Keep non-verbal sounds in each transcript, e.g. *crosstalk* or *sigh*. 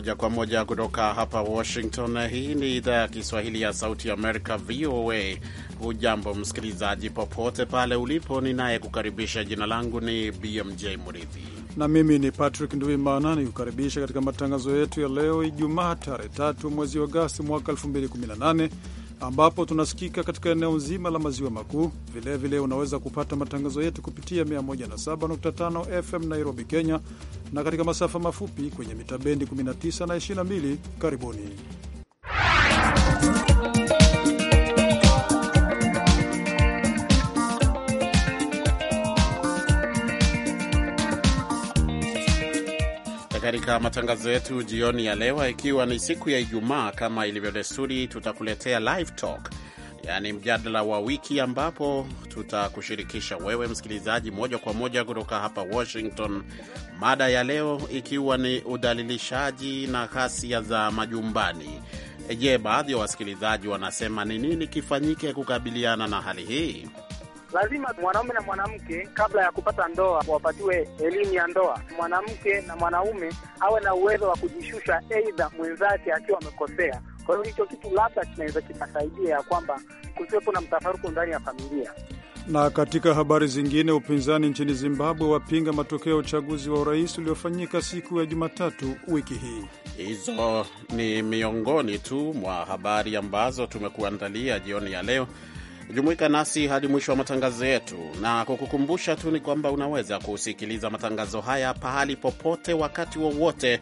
moja kwa moja kutoka hapa Washington. Hii ni idhaa ya Kiswahili ya Sauti ya Amerika, VOA. Hujambo msikilizaji, popote pale ulipo, ninayekukaribisha jina langu ni BMJ Murithi na mimi ni Patrick Nduimana nikukaribisha katika matangazo yetu ya leo Ijumaa tarehe 3 mwezi wa Agosti mwaka 2018 ambapo tunasikika katika eneo nzima la maziwa makuu. Vilevile unaweza kupata matangazo yetu kupitia 107.5 FM Nairobi, Kenya, na katika masafa mafupi kwenye mitabendi 19 na 22. Karibuni katika matangazo yetu jioni ya leo, ikiwa ni siku ya Ijumaa, kama ilivyo desturi, tutakuletea live talk, yaani mjadala wa wiki, ambapo tutakushirikisha wewe msikilizaji moja kwa moja kutoka hapa Washington, mada ya leo ikiwa ni udhalilishaji na ghasia za majumbani. Je, baadhi ya wasikilizaji wanasema ni nini kifanyike kukabiliana na hali hii? lazima mwanaume na mwanamke kabla ya kupata ndoa wapatiwe elimu ya ndoa. Mwanamke na mwanaume awe na uwezo wa kujishusha, aidha mwenzake akiwa amekosea. Kwa hiyo hicho kitu labda kinaweza kikasaidia ya kwamba kusiwepo na mtafaruku ndani ya familia. Na katika habari zingine, upinzani nchini Zimbabwe wapinga matokeo ya uchaguzi wa urais uliofanyika siku ya Jumatatu wiki hii. Hizo ni miongoni tu mwa habari ambazo tumekuandalia jioni ya leo. Jumuika nasi hadi mwisho wa matangazo yetu, na kukukumbusha tu ni kwamba unaweza kusikiliza matangazo haya pahali popote, wakati wowote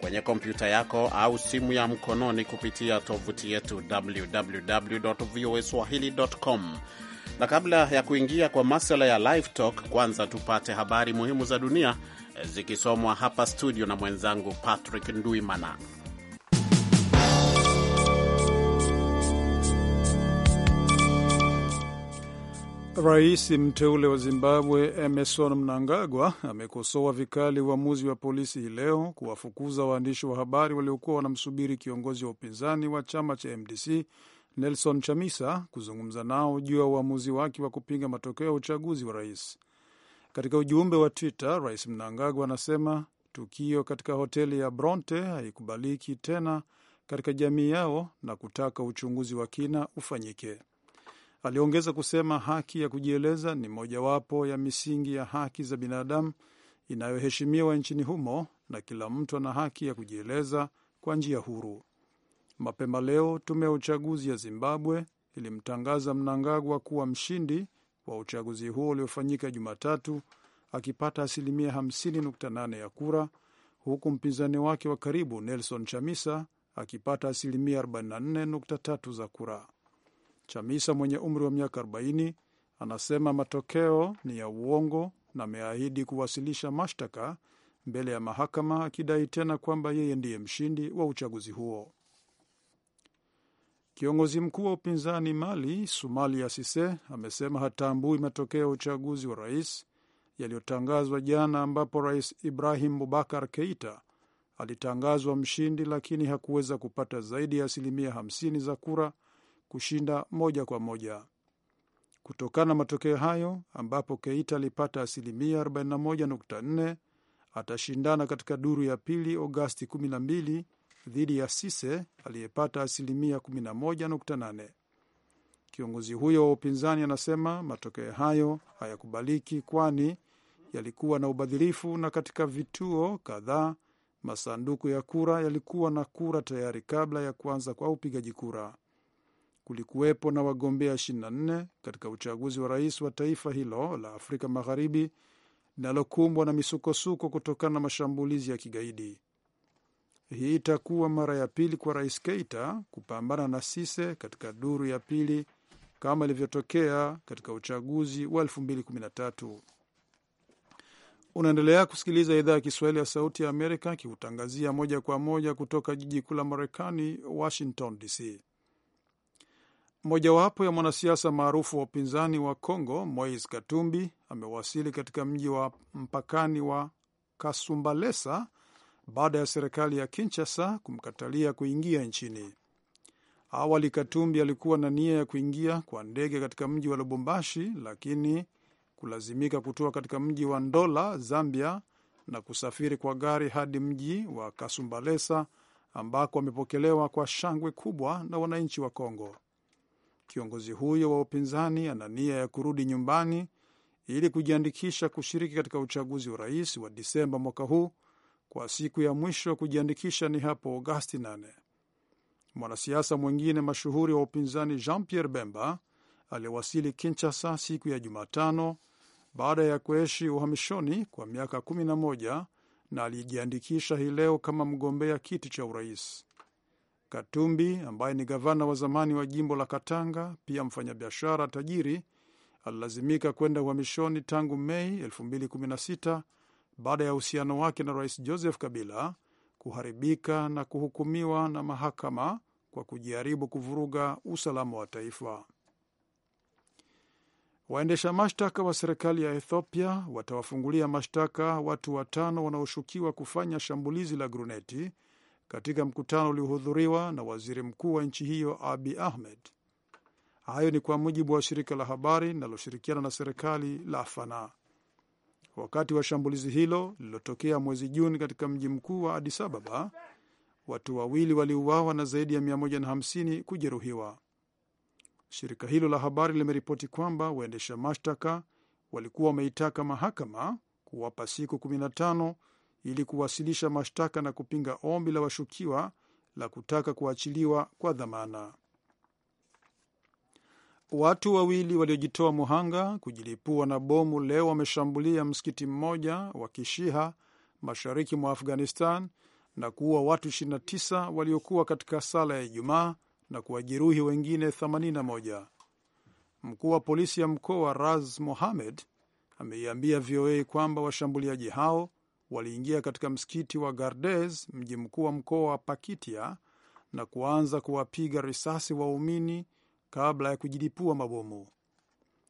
kwenye kompyuta yako au simu ya mkononi kupitia tovuti yetu www voa swahili com. Na kabla ya kuingia kwa masala ya live talk, kwanza tupate habari muhimu za dunia zikisomwa hapa studio na mwenzangu Patrick Nduimana. Rais mteule wa Zimbabwe Emerson Mnangagwa amekosoa vikali uamuzi wa polisi hii leo kuwafukuza waandishi wa habari waliokuwa wanamsubiri kiongozi wa upinzani wa chama cha MDC Nelson Chamisa kuzungumza nao juu ya uamuzi wake wa kupinga matokeo ya uchaguzi wa rais. Katika ujumbe wa Twitter, Rais Mnangagwa anasema tukio katika hoteli ya Bronte haikubaliki tena katika jamii yao na kutaka uchunguzi wa kina ufanyike. Aliongeza kusema haki ya kujieleza ni mojawapo ya misingi ya haki za binadamu inayoheshimiwa nchini humo na kila mtu ana haki ya kujieleza kwa njia huru. Mapema leo tume ya uchaguzi ya Zimbabwe ilimtangaza Mnangagwa kuwa mshindi wa uchaguzi huo uliofanyika Jumatatu akipata asilimia 50.8 ya kura huku mpinzani wake wa karibu Nelson Chamisa akipata asilimia 44.3 za kura. Chamisa mwenye umri wa miaka 40 anasema matokeo ni ya uongo na ameahidi kuwasilisha mashtaka mbele ya mahakama akidai tena kwamba yeye ndiye mshindi wa uchaguzi huo. Kiongozi mkuu wa upinzani Mali, Sumalia sise amesema hatambui matokeo ya uchaguzi wa rais yaliyotangazwa jana, ambapo Rais Ibrahim Bubakar Keita alitangazwa mshindi, lakini hakuweza kupata zaidi ya asilimia 50 za kura kushinda moja kwa moja. Kutokana na matokeo hayo, ambapo Keita alipata asilimia 41.4, atashindana katika duru ya pili Agosti 12 dhidi ya Sise aliyepata asilimia 11.8. Kiongozi huyo wa upinzani anasema matokeo hayo hayakubaliki, kwani yalikuwa na ubadhirifu na katika vituo kadhaa masanduku ya kura yalikuwa na kura tayari kabla ya kuanza kwa upigaji kura kulikuwepo na wagombea 24 katika uchaguzi wa rais wa taifa hilo la Afrika Magharibi linalokumbwa na misukosuko kutokana na mashambulizi ya kigaidi. Hii itakuwa mara ya pili kwa rais Keita kupambana na Sise katika duru ya pili kama ilivyotokea katika uchaguzi wa 2013. Unaendelea kusikiliza idhaa ya Kiswahili ya Sauti ya Amerika kikutangazia moja kwa moja kutoka jiji kuu la Marekani, Washington DC. Mojawapo ya mwanasiasa maarufu wa upinzani wa congo mois Katumbi, amewasili katika mji wa mpakani wa Kasumbalesa baada ya serikali ya Kinshasa kumkatalia kuingia nchini. Awali Katumbi alikuwa na nia ya kuingia kwa ndege katika mji wa Lubumbashi, lakini kulazimika kutoka katika mji wa Ndola, Zambia, na kusafiri kwa gari hadi mji wa Kasumbalesa ambako amepokelewa kwa shangwe kubwa na wananchi wa congo Kiongozi huyo wa upinzani ana nia ya kurudi nyumbani ili kujiandikisha kushiriki katika uchaguzi wa rais wa Disemba mwaka huu, kwa siku ya mwisho kujiandikisha ni hapo Agosti 8. Mwanasiasa mwingine mashuhuri wa upinzani Jean Pierre Bemba aliwasili Kinshasa siku ya Jumatano baada ya kuishi uhamishoni kwa miaka 11 na alijiandikisha hii leo kama mgombea kiti cha urais. Katumbi ambaye ni gavana wa zamani wa jimbo la Katanga, pia mfanyabiashara tajiri, alilazimika kwenda uhamishoni tangu Mei 2016 baada ya uhusiano wake na Rais Joseph Kabila kuharibika na kuhukumiwa na mahakama kwa kujaribu kuvuruga usalama wa taifa. Waendesha mashtaka wa serikali ya Ethiopia watawafungulia mashtaka watu watano wanaoshukiwa kufanya shambulizi la gruneti katika mkutano uliohudhuriwa na waziri mkuu wa nchi hiyo Abi Ahmed. Hayo ni kwa mujibu wa shirika la habari linaloshirikiana na serikali la Fana. Wakati wa shambulizi hilo lililotokea mwezi Juni katika mji mkuu wa Adis Ababa, watu wawili waliuawa na zaidi ya 150 kujeruhiwa. Shirika hilo la habari limeripoti kwamba waendesha mashtaka walikuwa wameitaka mahakama kuwapa siku ili kuwasilisha mashtaka na kupinga ombi la washukiwa la kutaka kuachiliwa kwa dhamana. Watu wawili waliojitoa muhanga kujilipua na bomu leo wameshambulia msikiti mmoja wa kishiha mashariki mwa Afghanistan na kuua watu 29 waliokuwa katika sala ya Ijumaa na kuwajeruhi wengine 81. Mkuu wa polisi ya mkoa Raz Mohamed ameiambia VOA kwamba washambuliaji hao waliingia katika msikiti wa Gardez, mji mkuu wa mkoa wa Pakitia, na kuanza kuwapiga risasi waumini kabla ya kujilipua mabomu.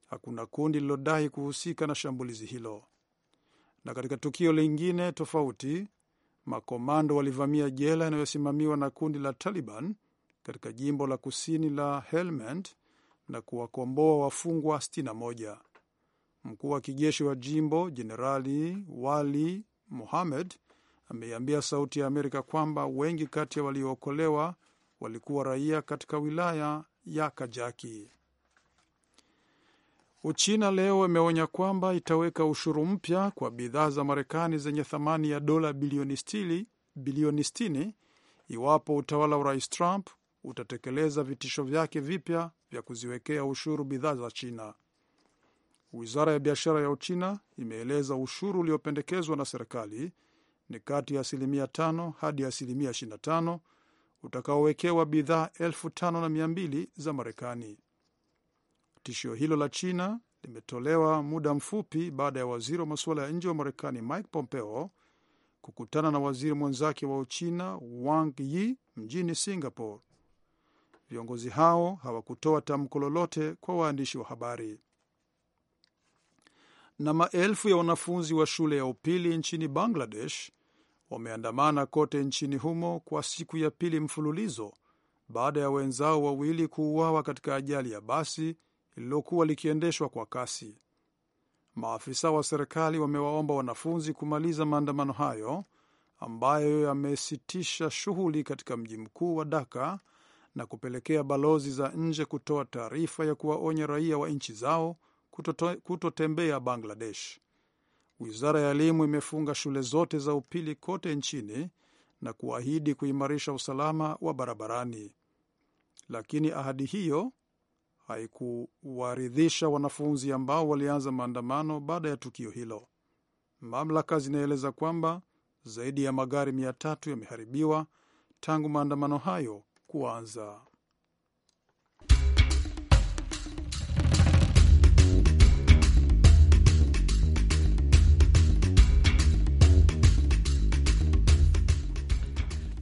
Hakuna kundi lilodahi kuhusika na shambulizi hilo. Na katika tukio lingine tofauti, makomando walivamia jela inayosimamiwa na kundi la Taliban katika jimbo la kusini la Helmand na kuwakomboa wafungwa 61. Mkuu wa kijeshi wa jimbo Jenerali Wali Mohamed ameiambia Sauti ya Amerika kwamba wengi kati ya waliookolewa walikuwa raia katika wilaya ya Kajaki. Uchina leo imeonya kwamba itaweka ushuru mpya kwa bidhaa za Marekani zenye thamani ya dola bilioni sitini iwapo utawala wa Rais Trump utatekeleza vitisho vyake vipya vya kuziwekea ushuru bidhaa za China. Wizara ya biashara ya Uchina imeeleza ushuru uliopendekezwa na serikali ni kati ya asilimia 5 hadi asilimia 25 utakaowekewa bidhaa elfu tano na mia mbili za Marekani. Tishio hilo la China limetolewa muda mfupi baada ya waziri wa masuala ya nje wa Marekani Mike Pompeo kukutana na waziri mwenzake wa Uchina Wang Yi mjini Singapore. Viongozi hao hawakutoa tamko lolote kwa waandishi wa habari na maelfu ya wanafunzi wa shule ya upili nchini Bangladesh wameandamana kote nchini humo kwa siku ya pili mfululizo baada ya wenzao wawili kuuawa katika ajali ya basi lililokuwa likiendeshwa kwa kasi. Maafisa wa serikali wamewaomba wanafunzi kumaliza maandamano hayo ambayo yamesitisha shughuli katika mji mkuu wa Dhaka na kupelekea balozi za nje kutoa taarifa ya kuwaonya raia wa nchi zao kutotembea Bangladesh. Wizara ya elimu imefunga shule zote za upili kote nchini na kuahidi kuimarisha usalama wa barabarani, lakini ahadi hiyo haikuwaridhisha wanafunzi ambao walianza maandamano baada ya tukio hilo. Mamlaka zinaeleza kwamba zaidi ya magari mia tatu yameharibiwa tangu maandamano hayo kuanza.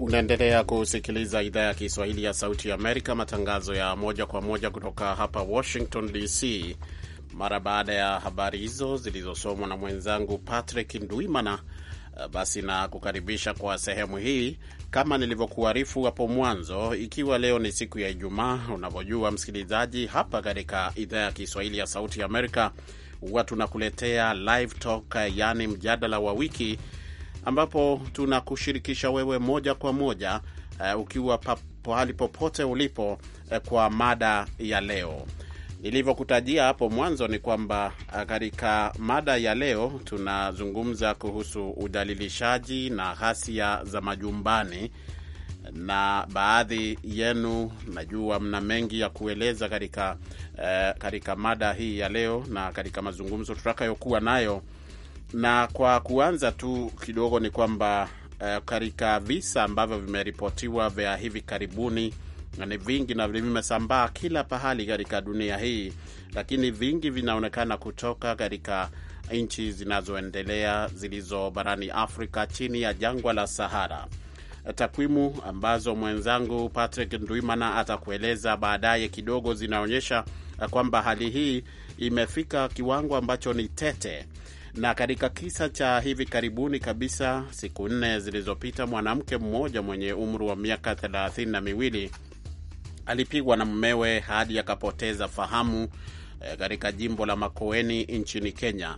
Unaendelea kusikiliza idhaa ya Kiswahili ya Sauti ya Amerika, matangazo ya moja kwa moja kutoka hapa Washington DC. Mara baada ya habari hizo zilizosomwa na mwenzangu Patrick Ndwimana, eh, basi na kukaribisha kwa sehemu hii kama nilivyokuarifu hapo mwanzo, ikiwa leo ni siku ya Ijumaa. Unavyojua msikilizaji, hapa katika idhaa ya Kiswahili ya Sauti ya Amerika huwa tunakuletea live talk, eh, yaani mjadala wa wiki ambapo tunakushirikisha wewe moja kwa moja uh, ukiwa pahali popote ulipo uh, kwa mada ya leo. Nilivyokutajia hapo mwanzo ni kwamba eh, katika mada ya leo tunazungumza kuhusu udhalilishaji na ghasia za majumbani, na baadhi yenu najua mna mengi ya kueleza katika eh, katika mada hii ya leo na katika mazungumzo tutakayokuwa nayo na kwa kuanza tu kidogo ni kwamba uh, katika visa ambavyo vimeripotiwa vya hivi karibuni ni vingi na vimesambaa kila pahali katika dunia hii, lakini vingi vinaonekana kutoka katika nchi zinazoendelea zilizo barani Afrika chini ya jangwa la Sahara. Takwimu ambazo mwenzangu Patrick Ndwimana atakueleza baadaye kidogo zinaonyesha kwamba hali hii imefika kiwango ambacho ni tete na katika kisa cha hivi karibuni kabisa, siku nne zilizopita, mwanamke mmoja mwenye umri wa miaka thelathini na miwili alipigwa na mmewe hadi akapoteza fahamu eh, katika jimbo la Makoeni nchini Kenya.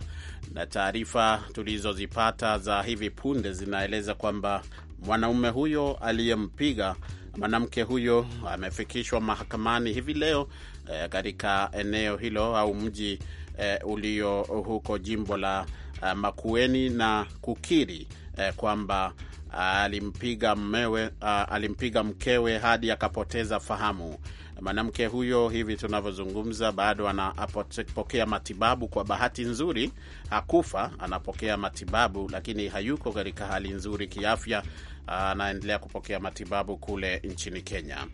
Na taarifa tulizozipata za hivi punde zinaeleza kwamba mwanaume huyo aliyempiga mwanamke huyo amefikishwa mahakamani hivi leo eh, katika eneo hilo au mji eh, ulio huko jimbo la eh, Makueni na kukiri eh, kwamba eh, alimpiga mmewe, eh, alimpiga mkewe hadi akapoteza fahamu. Mwanamke huyo hivi tunavyozungumza bado anapokea matibabu. Kwa bahati nzuri hakufa, anapokea matibabu, lakini hayuko katika hali nzuri kiafya, anaendelea kupokea matibabu kule nchini Kenya.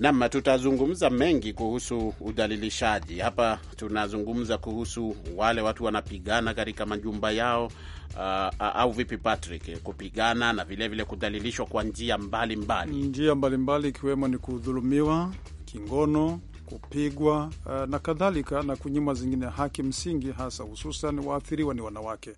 Nam, tutazungumza mengi kuhusu udhalilishaji hapa. Tunazungumza kuhusu wale watu wanapigana katika majumba yao, uh, au vipi Patrick, kupigana na vilevile kudhalilishwa kwa njia mbalimbali, njia mbalimbali ikiwemo mbali ni kudhulumiwa kingono, kupigwa, uh, na kadhalika na kunyima zingine haki msingi, hasa hususan waathiriwa ni wanawake.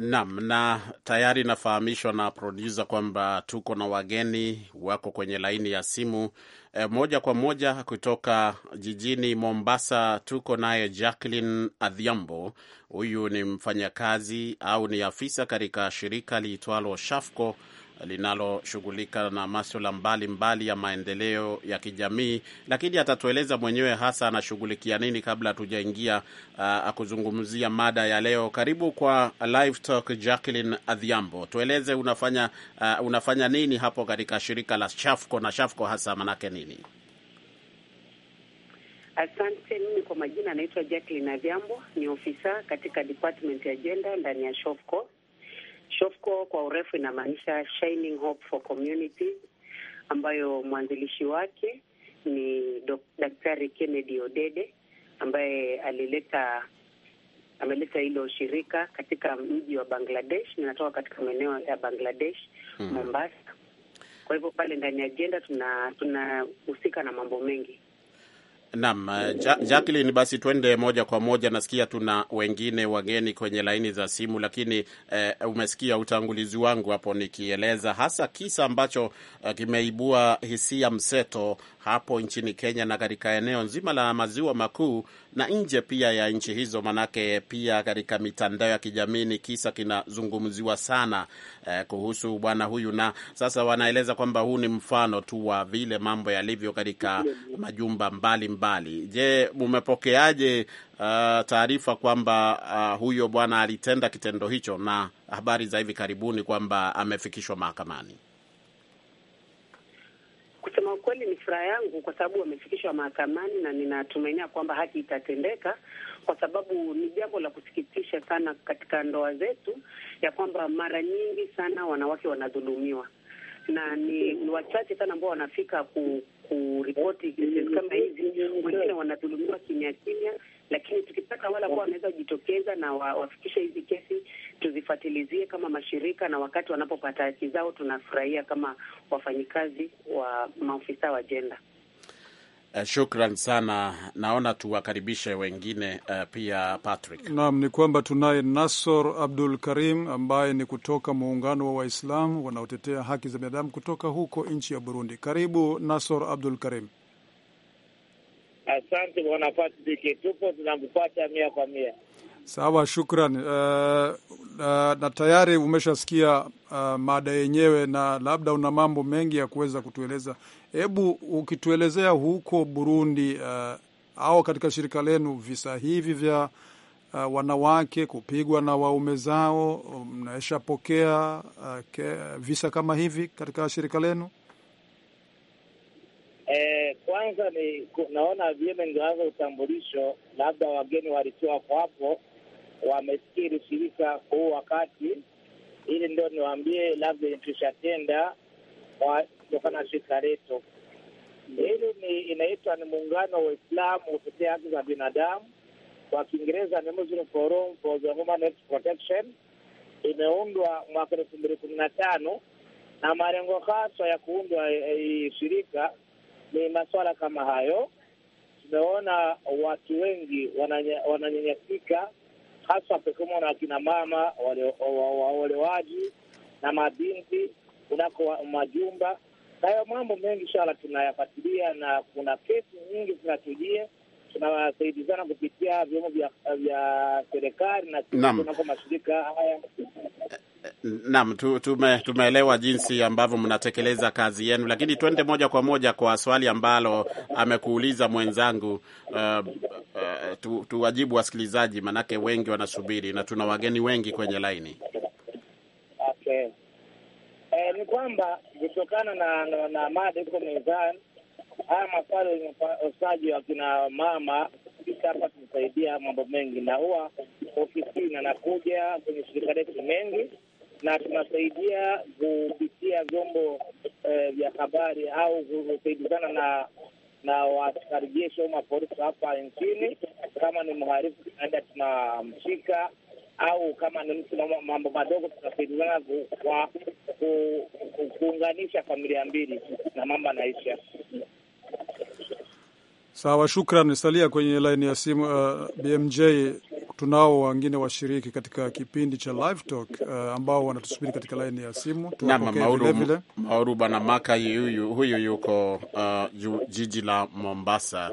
Naam, na tayari nafahamishwa na produsa kwamba tuko na wageni wako kwenye laini ya simu e, moja kwa moja kutoka jijini Mombasa. Tuko naye Jacqueline Adhiambo, huyu ni mfanyakazi au ni afisa katika shirika liitwalo Shafco linaloshughulika na maswala mbalimbali ya maendeleo ya kijamii, lakini atatueleza mwenyewe hasa anashughulikia nini kabla hatujaingia uh, kuzungumzia mada ya leo. Karibu kwa Livetalk, Jacqueline Adhiambo, tueleze unafanya uh, unafanya nini hapo katika shirika la Shafco na Shafco hasa manake nini? Asante. Mimi kwa majina naitwa Jacqueline Adhiambo, ni ofisa katika department ya jenda ndani ya Shofco SHOFCO kwa urefu inamaanisha Shining Hope for Community, ambayo mwanzilishi wake ni Daktari Kennedy Odede ambaye alileta ameleta hilo shirika katika mji wa Bangladesh. Ninatoka katika maeneo ya Bangladesh, hmm. Mombasa. Kwa hivyo pale ndani ya ajenda tunahusika tuna na mambo mengi Naam, eh, Jacqueline, basi twende moja kwa moja. Nasikia tuna wengine wageni kwenye laini za simu, lakini eh, umesikia utangulizi wangu hapo nikieleza hasa kisa ambacho eh, kimeibua hisia mseto hapo nchini Kenya na katika eneo nzima la maziwa makuu na nje pia ya nchi hizo, manake pia katika mitandao ya kijamii ni kisa kinazungumziwa sana eh, kuhusu bwana huyu, na sasa wanaeleza kwamba huu ni mfano tu wa vile mambo yalivyo katika majumba mbali mbali. Je, mumepokeaje uh, taarifa kwamba uh, huyo bwana alitenda kitendo hicho na habari za hivi karibuni kwamba amefikishwa mahakamani? Kusema ukweli, ni furaha yangu kwa sababu wamefikishwa mahakamani na ninatumainia kwamba haki itatendeka, kwa sababu ni jambo la kusikitisha sana katika ndoa zetu ya kwamba mara nyingi sana wanawake wanadhulumiwa na ni wachache sana ambao wanafika ku, kuripoti kesi kama hizi. Wengine wanadhulumiwa kimya kimya, lakini tukipata wale ambao wanaweza kujitokeza na wa, wafikishe hizi kesi tuzifuatilizie kama mashirika, na wakati wanapopata haki zao tunafurahia kama wafanyikazi wa maofisa wa jenda. Eh, shukran sana. Naona tuwakaribishe wengine uh, pia Patrick. Naam, ni kwamba tunaye Nasor Abdul Karim ambaye ni kutoka muungano wa Waislamu wanaotetea haki za binadamu kutoka huko nchi ya Burundi. Karibu Nasor Abdul Karim. Asante bwana Patrick, tupo tunakupata mia kwa mia. Sawa, shukran. Uh, eh, na, eh, na tayari umeshasikia uh, mada yenyewe, na labda una mambo mengi ya kuweza kutueleza. Hebu ukituelezea huko Burundi uh, au katika shirika lenu visa hivi vya uh, wanawake kupigwa na waume zao, mnaeshapokea uh, visa kama hivi katika shirika lenu? Eh, kwanza ni naona vyema, ingeanza utambulisho, labda wageni walitoa kwapo wamesikiri shirika huu wakati. Ili ndio niwaambie, labda tushatenda kutokana na shirika letu hili ni inaitwa ni muungano wa Waislamu kutetea haki za binadamu, kwa Kiingereza ni Muslim Forum for the Human Rights Protection. Imeundwa mwaka elfu mbili kumi na tano na malengo haswa ya kuundwa hii shirika ni masuala kama hayo. Tumeona watu wengi wananyanyasika, hasa pekuma na akina mama waolewaji na mabinti kunako majumba. Na hayo mambo mengi, inshallah tunayafatilia, na kuna kesi nyingi zinatujia tunawasaidizana kupitia vyombo vya serikali na nako mashirika haya. Naam, tume, tumeelewa jinsi ambavyo mnatekeleza kazi yenu, lakini twende moja kwa moja kwa swali ambalo amekuuliza mwenzangu. Uh, uh, tuwajibu tu wasikilizaji, manake wengi wanasubiri na tuna wageni wengi kwenye laini. Okay. Eh, ni kwamba kutokana na, na, na mada iko mezani haya maswala ya usaji wa kina mama sisi hapa tunasaidia mambo mengi, na huwa ofisini anakuja kwenye shirika letu mengi, na tunasaidia kupitia vyombo eh, vya eh, habari au kusaidizana na na waaskari jeshi au mapolisi hapa nchini. Kama ni mharifu tunaenda tunamshika, au kama ni mtu na mambo madogo tunasaidizana kwa kuunganisha familia mbili na mambo anaisha. Sawa, shukran. Salia kwenye laini ya simu. Uh, BMJ, tunao wengine washiriki katika kipindi cha Live Talk uh, ambao wanatusubiri katika laini ya simu. Maoru Bwana Maka huyu, huyu yuko uh, jiji la Mombasa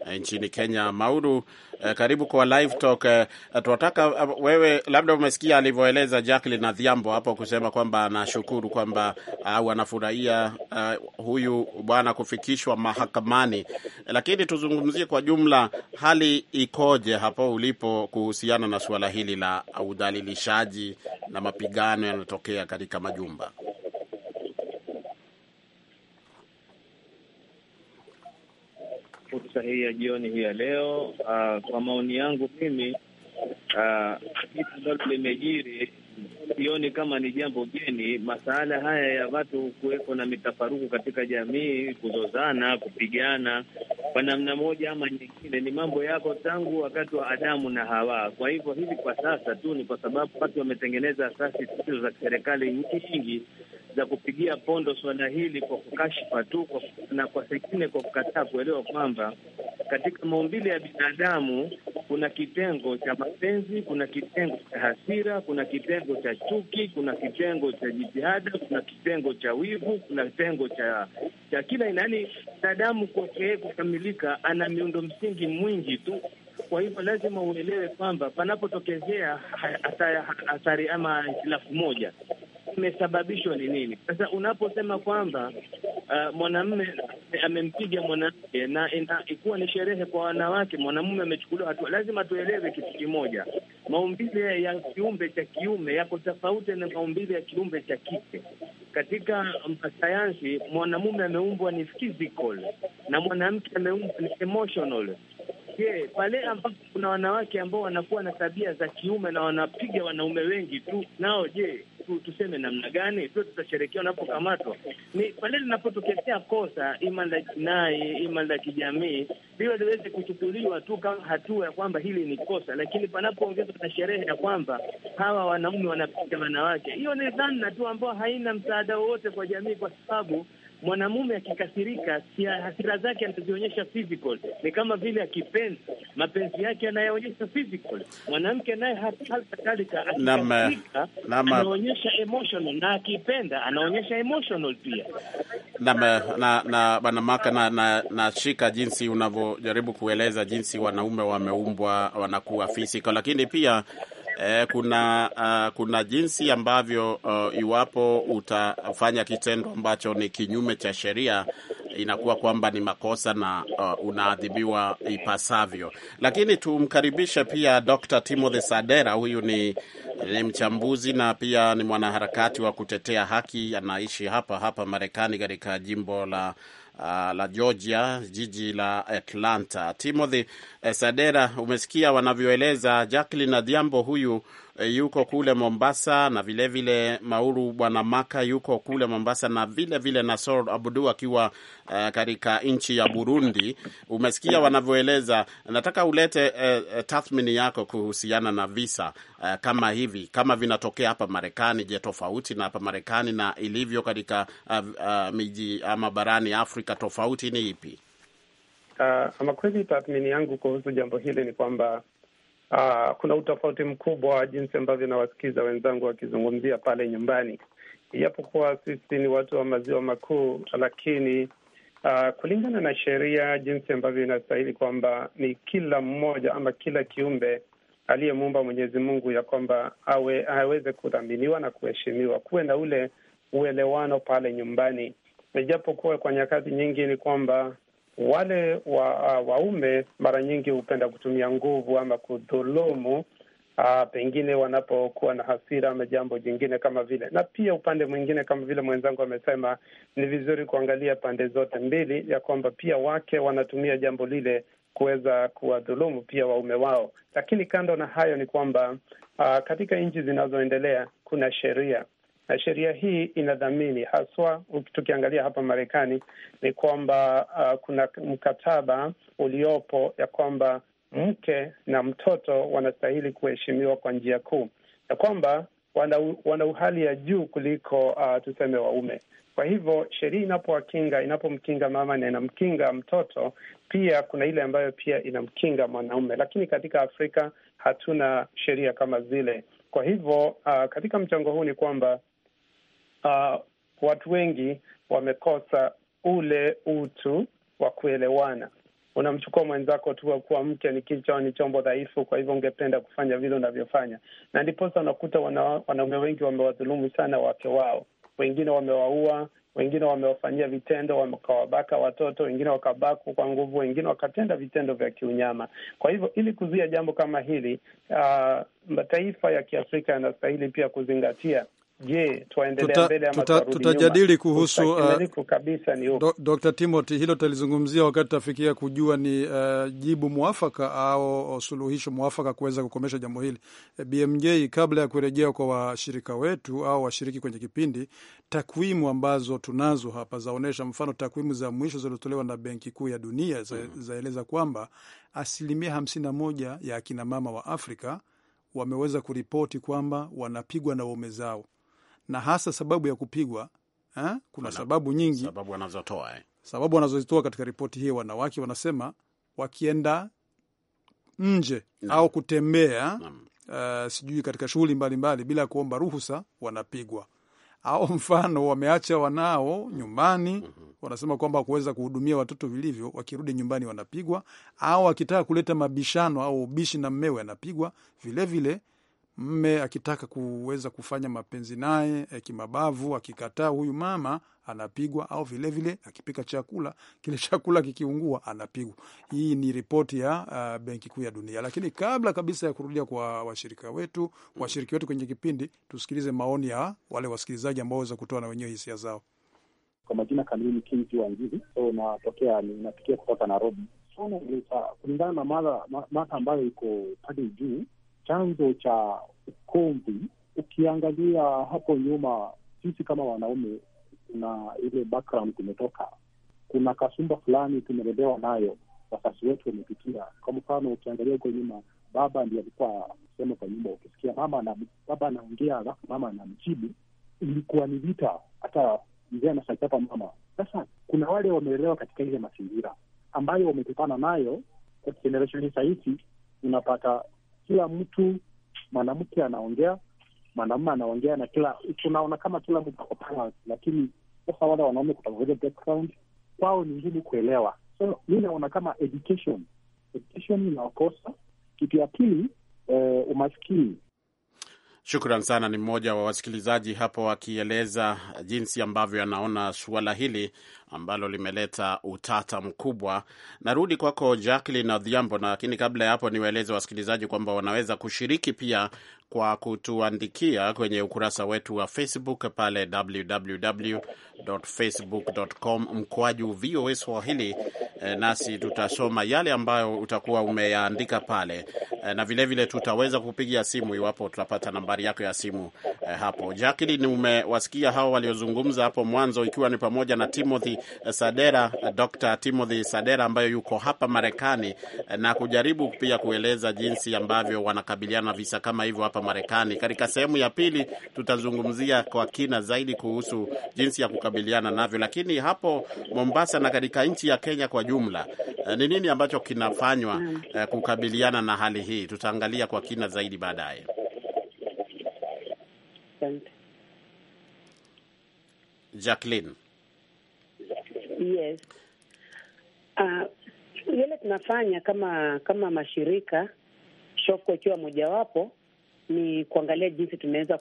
uh, nchini Kenya. mauru Eh, karibu kwa live talk Uh, tunataka wewe, labda umesikia alivyoeleza Jacqueline Adhiambo hapo kusema kwamba anashukuru kwamba au anafurahia uh, huyu bwana kufikishwa mahakamani, lakini tuzungumzie kwa jumla hali ikoje hapo ulipo kuhusiana na suala hili la udhalilishaji na mapigano yanatokea katika majumba fursa hii ya jioni hii ya leo. Uh, kwa maoni yangu mimi ah, kitu uh, ambalo limejiri sioni kama ni jambo geni. Masuala haya ya watu kuweko na mitafaruku katika jamii, kuzozana, kupigana kwa namna moja ama nyingine, ni mambo yako tangu wakati wa Adamu na Hawa. Kwa hivyo hivi kwa sasa tu ni kwa sababu watu wametengeneza asasi zisizo za kiserikali nyingi za kupigia pondo suala hili kwa kukashifa tu na kwa sengine kwa kukataa kuelewa kwamba katika maumbile ya binadamu kuna kitengo cha mapenzi, kuna kitengo cha hasira, kuna kitengo cha chuki, kuna kitengo cha jitihada, kuna kitengo cha wivu, kuna kitengo cha cha kila aina. Yaani binadamu kwake kukamilika, ana miundo msingi mwingi tu. Kwa hivyo lazima uelewe kwamba panapotokezea athari ama hitilafu moja imesababishwa ni nini? Sasa unaposema kwamba uh, mwanamume amempiga mwanamke na ikuwa ni sherehe kwa wanawake, mwanamume amechukuliwa hatua, lazima tuelewe kitu kimoja, maumbile ya kiumbe cha kiume yako tofauti na maumbile ya kiumbe cha kike. Katika sayansi, mwanamume ameumbwa ni physical na mwanamke ameumbwa ni emotional. Je, pale ambapo kuna wanawake ambao wanakuwa na tabia za kiume na wanapiga wanaume wengi tu, nao je tuseme namna gani? Sio tutasherekea unapokamatwa. Ni pale linapotokea kosa ima la jinai, ima la kijamii, liwe liweze kuchukuliwa tu kama hatua ya kwamba hili ni kosa, lakini panapoongezwa na sherehe ya kwamba hawa wanaume wanapiga wanawake, hiyo ni dhana tu ambayo haina msaada wowote kwa jamii, kwa sababu mwanamume akikasirika, hasira zake anazionyesha physical, ni kama vile akipenzi, mapenzi yake anayaonyesha physical. Mwanamke naye hali eh. akikasirika, eh. anaonyesha emotional, na akipenda anaonyesha emotional pia. Eh, na bwana Maka, na nashika jinsi unavyojaribu kueleza jinsi wanaume wameumbwa, wanakuwa physical, lakini pia eh, kuna uh, kuna jinsi ambavyo uh, iwapo utafanya kitendo ambacho ni kinyume cha sheria inakuwa kwamba ni makosa na uh, unaadhibiwa ipasavyo. Lakini tumkaribishe pia Dr. Timothy Sadera. Huyu ni, ni mchambuzi na pia ni mwanaharakati wa kutetea haki, anaishi hapa hapa Marekani katika jimbo la uh, la Georgia, jiji la Atlanta. Timothy eh, Sadera, umesikia wanavyoeleza Jacqueline Adhiambo huyu E, yuko kule Mombasa, na vilevile vile Mauru Bwana Maka yuko kule Mombasa, na vilevile vile Nasor Abdu akiwa uh, katika nchi ya Burundi. Umesikia wanavyoeleza. Nataka ulete uh, tathmini yako kuhusiana na visa uh, kama hivi, kama vinatokea hapa Marekani. Je, tofauti na hapa Marekani na ilivyo katika uh, uh, miji ama barani Afrika, tofauti ni ipi? Uh, ama kweli tathmini yangu kuhusu jambo hili ni kwamba Aa, ah, kuna utofauti mkubwa wa jinsi ambavyo nawasikiza wenzangu wakizungumzia pale nyumbani, ijapokuwa sisi ni watu wa maziwa makuu, lakini uh, kulingana na sheria jinsi ambavyo inastahili kwamba ni kila mmoja ama kila kiumbe aliyemuumba Mwenyezi Mungu ya kwamba awe aweze kudhaminiwa na kuheshimiwa, kuwe na ule uelewano pale nyumbani, ijapokuwa kwa nyakati nyingi ni kwamba wale wa uh, waume mara nyingi hupenda kutumia nguvu ama kudhulumu uh, pengine wanapokuwa na hasira ama jambo jingine kama vile. Na pia upande mwingine, kama vile mwenzangu amesema, ni vizuri kuangalia pande zote mbili, ya kwamba pia wake wanatumia jambo lile kuweza kuwadhulumu pia waume wao. Lakini kando na hayo ni kwamba uh, katika nchi zinazoendelea kuna sheria na sheria hii inadhamini haswa, tukiangalia hapa Marekani ni kwamba uh, kuna mkataba uliopo ya kwamba mke na mtoto wanastahili kuheshimiwa kwa njia kuu, ya kwamba wana, wana uhali ya juu kuliko uh, tuseme waume. Kwa hivyo sheria inapowakinga, inapomkinga mama na inamkinga mtoto pia, kuna ile ambayo pia inamkinga mwanaume, lakini katika Afrika hatuna sheria kama zile. Kwa hivyo uh, katika mchango huu ni kwamba uh, watu wengi wamekosa ule utu wa kuelewana. Unamchukua mwenzako tu kuwa mke ni kichwa, ni chombo dhaifu, kwa hivyo ungependa kufanya vile unavyofanya, na ndiposa unakuta wanaume wengi wamewadhulumu sana wake wao, wengine wamewaua wengine wamewafanyia vitendo, wakawabaka watoto, wengine wakabakwa kwa nguvu, wengine wakatenda vitendo vya kiunyama. Kwa hivyo ili kuzuia jambo kama hili, uh, mataifa ya Kiafrika yanastahili pia kuzingatia Je, tuendelee mbele ama tuta, tutajadili kuhusu uh, kabisa ni Dr. Timothy, hilo talizungumzia wakati tafikia kujua ni uh, jibu mwafaka au uh, suluhisho mwafaka kuweza kukomesha jambo hili. Eh, BMJ, kabla ya kurejea kwa washirika wetu au washiriki kwenye kipindi, takwimu ambazo tunazo hapa zaonesha, mfano takwimu za mwisho zilizotolewa na Benki Kuu ya Dunia za, mm zaeleza kwamba asilimia hamsini na moja ya akinamama wa Afrika wameweza kuripoti kwamba wanapigwa na waume zao na hasa sababu ya kupigwa ha? kuna Wala, sababu nyingi sababu wanazotoa eh, sababu wanazozitoa katika ripoti hii, wanawake wanasema wakienda nje na, mm. au kutembea uh, sijui katika shughuli mbalimbali bila ya kuomba ruhusa wanapigwa au mfano wameacha wanao nyumbani mm -hmm. Wanasema kwamba kuweza kuhudumia watoto vilivyo, wakirudi nyumbani wanapigwa, au wakitaka kuleta mabishano au ubishi na mmewe anapigwa vilevile mme akitaka kuweza kufanya mapenzi naye eh, kimabavu, akikataa huyu mama anapigwa, au vilevile vile, akipika chakula kile *laughs* chakula kikiungua anapigwa. Hii ni ripoti ya uh, Benki Kuu ya Dunia. Lakini kabla kabisa ya kurudia kwa washirika wetu washiriki wetu kwenye kipindi, tusikilize maoni ya wale wasikilizaji ambao waweza kutoa na wenyewe hisia zao. Kwa majina kamili ni Kingi wa Njizi, so unatokea napikia kutoka Nairobi. Kulingana na mata ambayo iko pale juu chanzo cha ukomvi. Ukiangalia hapo nyuma, sisi kama wanaume na ile background tumetoka, kuna kasumba fulani tumelelewa nayo, wazazi wetu wamepitia. Kwa mfano, ukiangalia huko nyuma, baba ndiye alikuwa sema kwa nyumba, ukisikia mama na baba anaongea alafu mama anamjibu, ilikuwa ni vita, hata mzee anasachapa mama. Sasa kuna wale wameelewa katika ile mazingira ambayo wametokana nayo kwa generation hii. Sahizi unapata kila mtu, mwanamke anaongea, mwanamume anaongea, na kila tunaona kama kila mtu ako lakini sasa wale wanaume kutoka background kwao ni ngumu kuelewa. So mi naona kama education education inaokosa. Kitu ya pili, eh, umaskini Shukran sana. Ni mmoja wa wasikilizaji hapo akieleza jinsi ambavyo anaona suala hili ambalo limeleta utata mkubwa. Narudi kwako Jacqueline Adhiambo, lakini kabla ya hapo niwaeleze wasikilizaji kwamba wanaweza kushiriki pia kwa kutuandikia kwenye ukurasa wetu wa Facebook pale www.facebook.com mkoaju VOA Swahili, eh, nasi tutasoma yale ambayo utakuwa umeyaandika pale, eh, na vilevile vile tutaweza kupigia simu iwapo tutapata nambari yako ya simu eh, hapo. Jacqueline, umewasikia hao waliozungumza hapo mwanzo, ikiwa ni pamoja na Timothy Sadera, Dr. Timothy Sadera ambayo yuko hapa Marekani na kujaribu pia kueleza jinsi ambavyo wanakabiliana na visa kama hivyo hapa Marekani. Katika sehemu ya pili, tutazungumzia kwa kina zaidi kuhusu jinsi ya kukabiliana navyo, lakini hapo Mombasa na katika nchi ya Kenya kwa jumla, eh, ni nini ambacho kinafanywa eh, kukabiliana na hali hii? Tutaangalia kwa kina zaidi baadaye. Jacqueline. Yes. Uh, yale tunafanya kama kama mashirika, Shoko ikiwa mojawapo, ni kuangalia jinsi tunaweza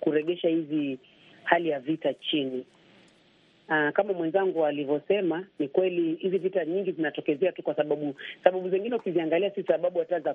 kuregesha hizi hali ya vita chini. Aa, ah, kama mwenzangu alivyosema, ni kweli hizi vita nyingi zinatokezea tu kwa sababu, sababu zingine ukiziangalia si sababu hata za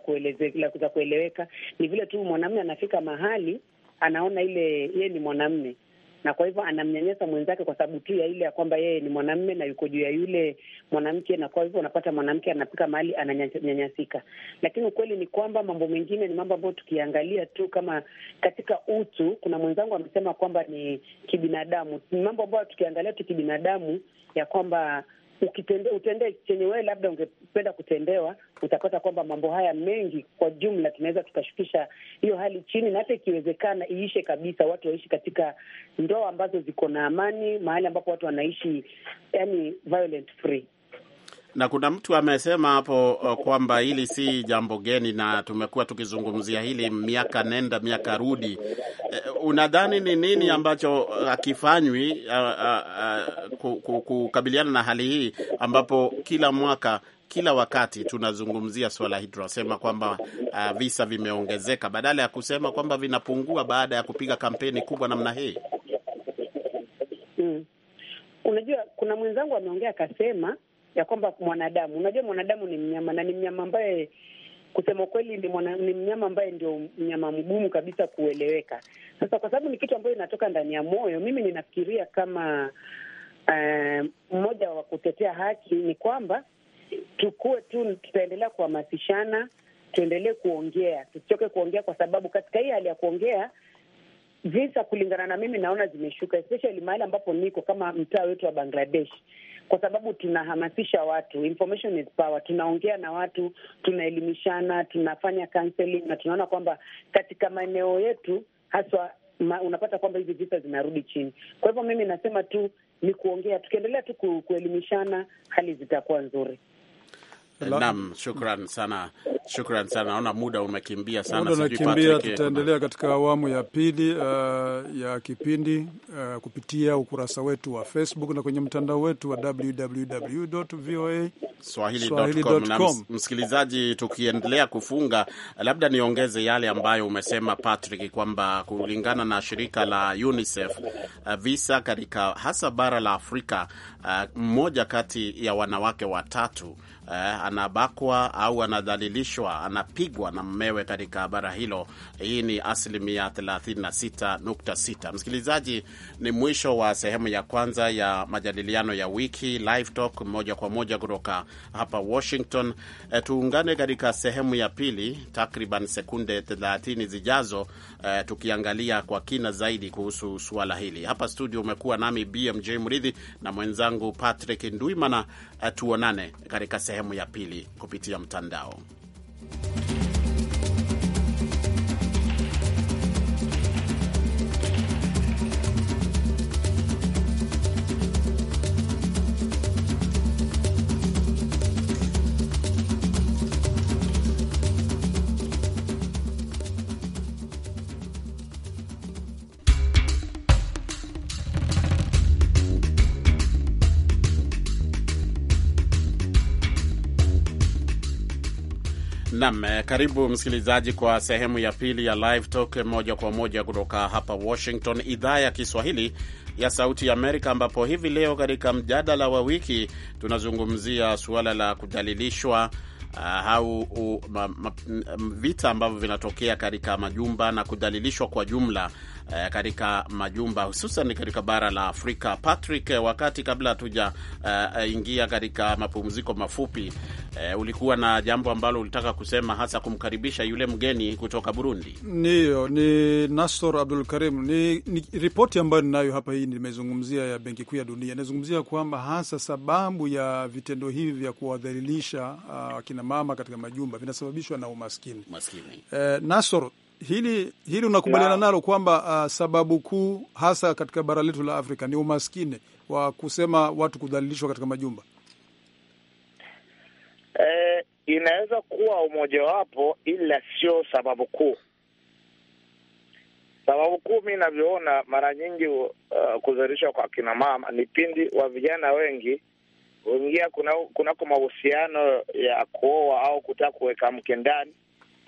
kueleweka, ni vile tu mwanamume anafika mahali anaona ile yeye ni mwanamume na kwa hivyo anamnyanyasa mwenzake kwa sababu tu ya ile ya kwamba yeye ni mwanamme na yuko juu ya yule mwanamke, na kwa hivyo unapata mwanamke anapika mahali ananyanyasika. Lakini ukweli ni kwamba mambo mengine ni mambo ambayo tukiangalia tu kama katika utu, kuna mwenzangu amesema kwamba ni kibinadamu, ni mambo ambayo tukiangalia tu kibinadamu ya kwamba ukitende, utendee chenye wewe labda ungependa kutendewa, utapata kwamba mambo haya mengi kwa jumla tunaweza tukashukisha hiyo hali chini, na hata ikiwezekana iishe kabisa, watu waishi katika ndoa ambazo ziko na amani, mahali ambapo watu wanaishi yani violent free na kuna mtu amesema hapo uh, kwamba hili si jambo geni na tumekuwa tukizungumzia hili miaka nenda miaka rudi. Uh, unadhani ni nini ambacho uh, hakifanywi uh, uh, uh, kukabiliana na hali hii ambapo kila mwaka kila wakati tunazungumzia swala hili, tunasema kwamba uh, visa vimeongezeka badala ya kusema kwamba vinapungua baada ya kupiga kampeni kubwa namna hii mm. Unajua, kuna mwenzangu ameongea akasema ya kwamba mwanadamu, unajua mwanadamu ni mnyama na ni mnyama ambaye kusema kweli ni, mwana, ni mnyama ambaye ndio mnyama mgumu kabisa kueleweka. Sasa kwa sababu ni kitu ambayo inatoka ndani ya moyo, mimi ninafikiria kama eh, mmoja um, wa kutetea haki ni kwamba tukue tu, tutaendelea kuhamasishana, tuendelee kuongea, tusichoke kuongea, kwa sababu katika hii hali ya kuongea visa kulingana na mimi naona zimeshuka, especially mahali ambapo niko kama mtaa wetu wa Bangladesh kwa sababu tunahamasisha watu, information is power. Tunaongea na watu, tunaelimishana, tunafanya counseling na tunaona kwamba katika maeneo yetu haswa ma, unapata kwamba hizi visa zinarudi chini. Kwa hivyo mimi nasema tu ni kuongea, tukiendelea tu kuelimishana hali zitakuwa nzuri. Naam, shukran sana, shukran sana. Naona muda umekimbia sana, muda unakimbia. Tutaendelea katika awamu ya pili uh, ya kipindi uh, kupitia ukurasa wetu wa Facebook na kwenye mtandao wetu wa voa Na msikilizaji, tukiendelea kufunga, labda niongeze yale ambayo umesema Patrick, kwamba kulingana na shirika la UNICEF uh, visa katika hasa bara la Afrika, uh, mmoja kati ya wanawake watatu eh, anabakwa au anadhalilishwa, anapigwa na mmewe katika bara hilo. Hii ni asilimia 36.6. Msikilizaji, ni mwisho wa sehemu ya kwanza ya majadiliano ya wiki Live Talk, moja kwa moja kutoka hapa Washington. Eh, tuungane katika sehemu ya pili takriban sekunde 30 zijazo, eh, tukiangalia kwa kina zaidi kuhusu suala hili. Hapa studio umekuwa nami BMJ Mridhi na mwenzangu Patrick Nduimana tuonane katika sehemu ya pili kupitia mtandao. Nam, eh, karibu msikilizaji kwa sehemu ya pili ya Live Talk eh, moja kwa moja kutoka hapa Washington, idhaa ya Kiswahili ya Sauti ya Amerika, ambapo hivi leo katika mjadala wa wiki tunazungumzia suala la kudhalilishwa eh, au uh, vita ambavyo vinatokea katika majumba na kudhalilishwa kwa jumla eh, katika majumba hususan katika bara la Afrika. Patrick, eh, wakati kabla hatujaingia eh, katika mapumziko mafupi eh, ulikuwa na jambo ambalo ulitaka kusema, hasa kumkaribisha yule mgeni kutoka Burundi. Ndiyo, ni Nasor Abdul Karim. Ni, ni ripoti ambayo ninayo hapa, hii nimezungumzia ya Benki Kuu ya Dunia, inazungumzia kwamba hasa sababu ya vitendo hivi vya kuwadhalilisha uh, akina mama katika majumba vinasababishwa na umaskini, umaskini. Eh, Nasor hili hili unakubaliana nalo kwamba uh, sababu kuu hasa katika bara letu la Afrika ni umaskini wa kusema watu kudhalilishwa katika majumba eh, inaweza kuwa umojawapo, ila sio sababu kuu. Sababu kuu mi inavyoona mara nyingi uh, kuzalishwa kwa kina mama ni pindi wa vijana wengi huingia kunako kuna mahusiano ya kuoa au kutaka kuweka mke ndani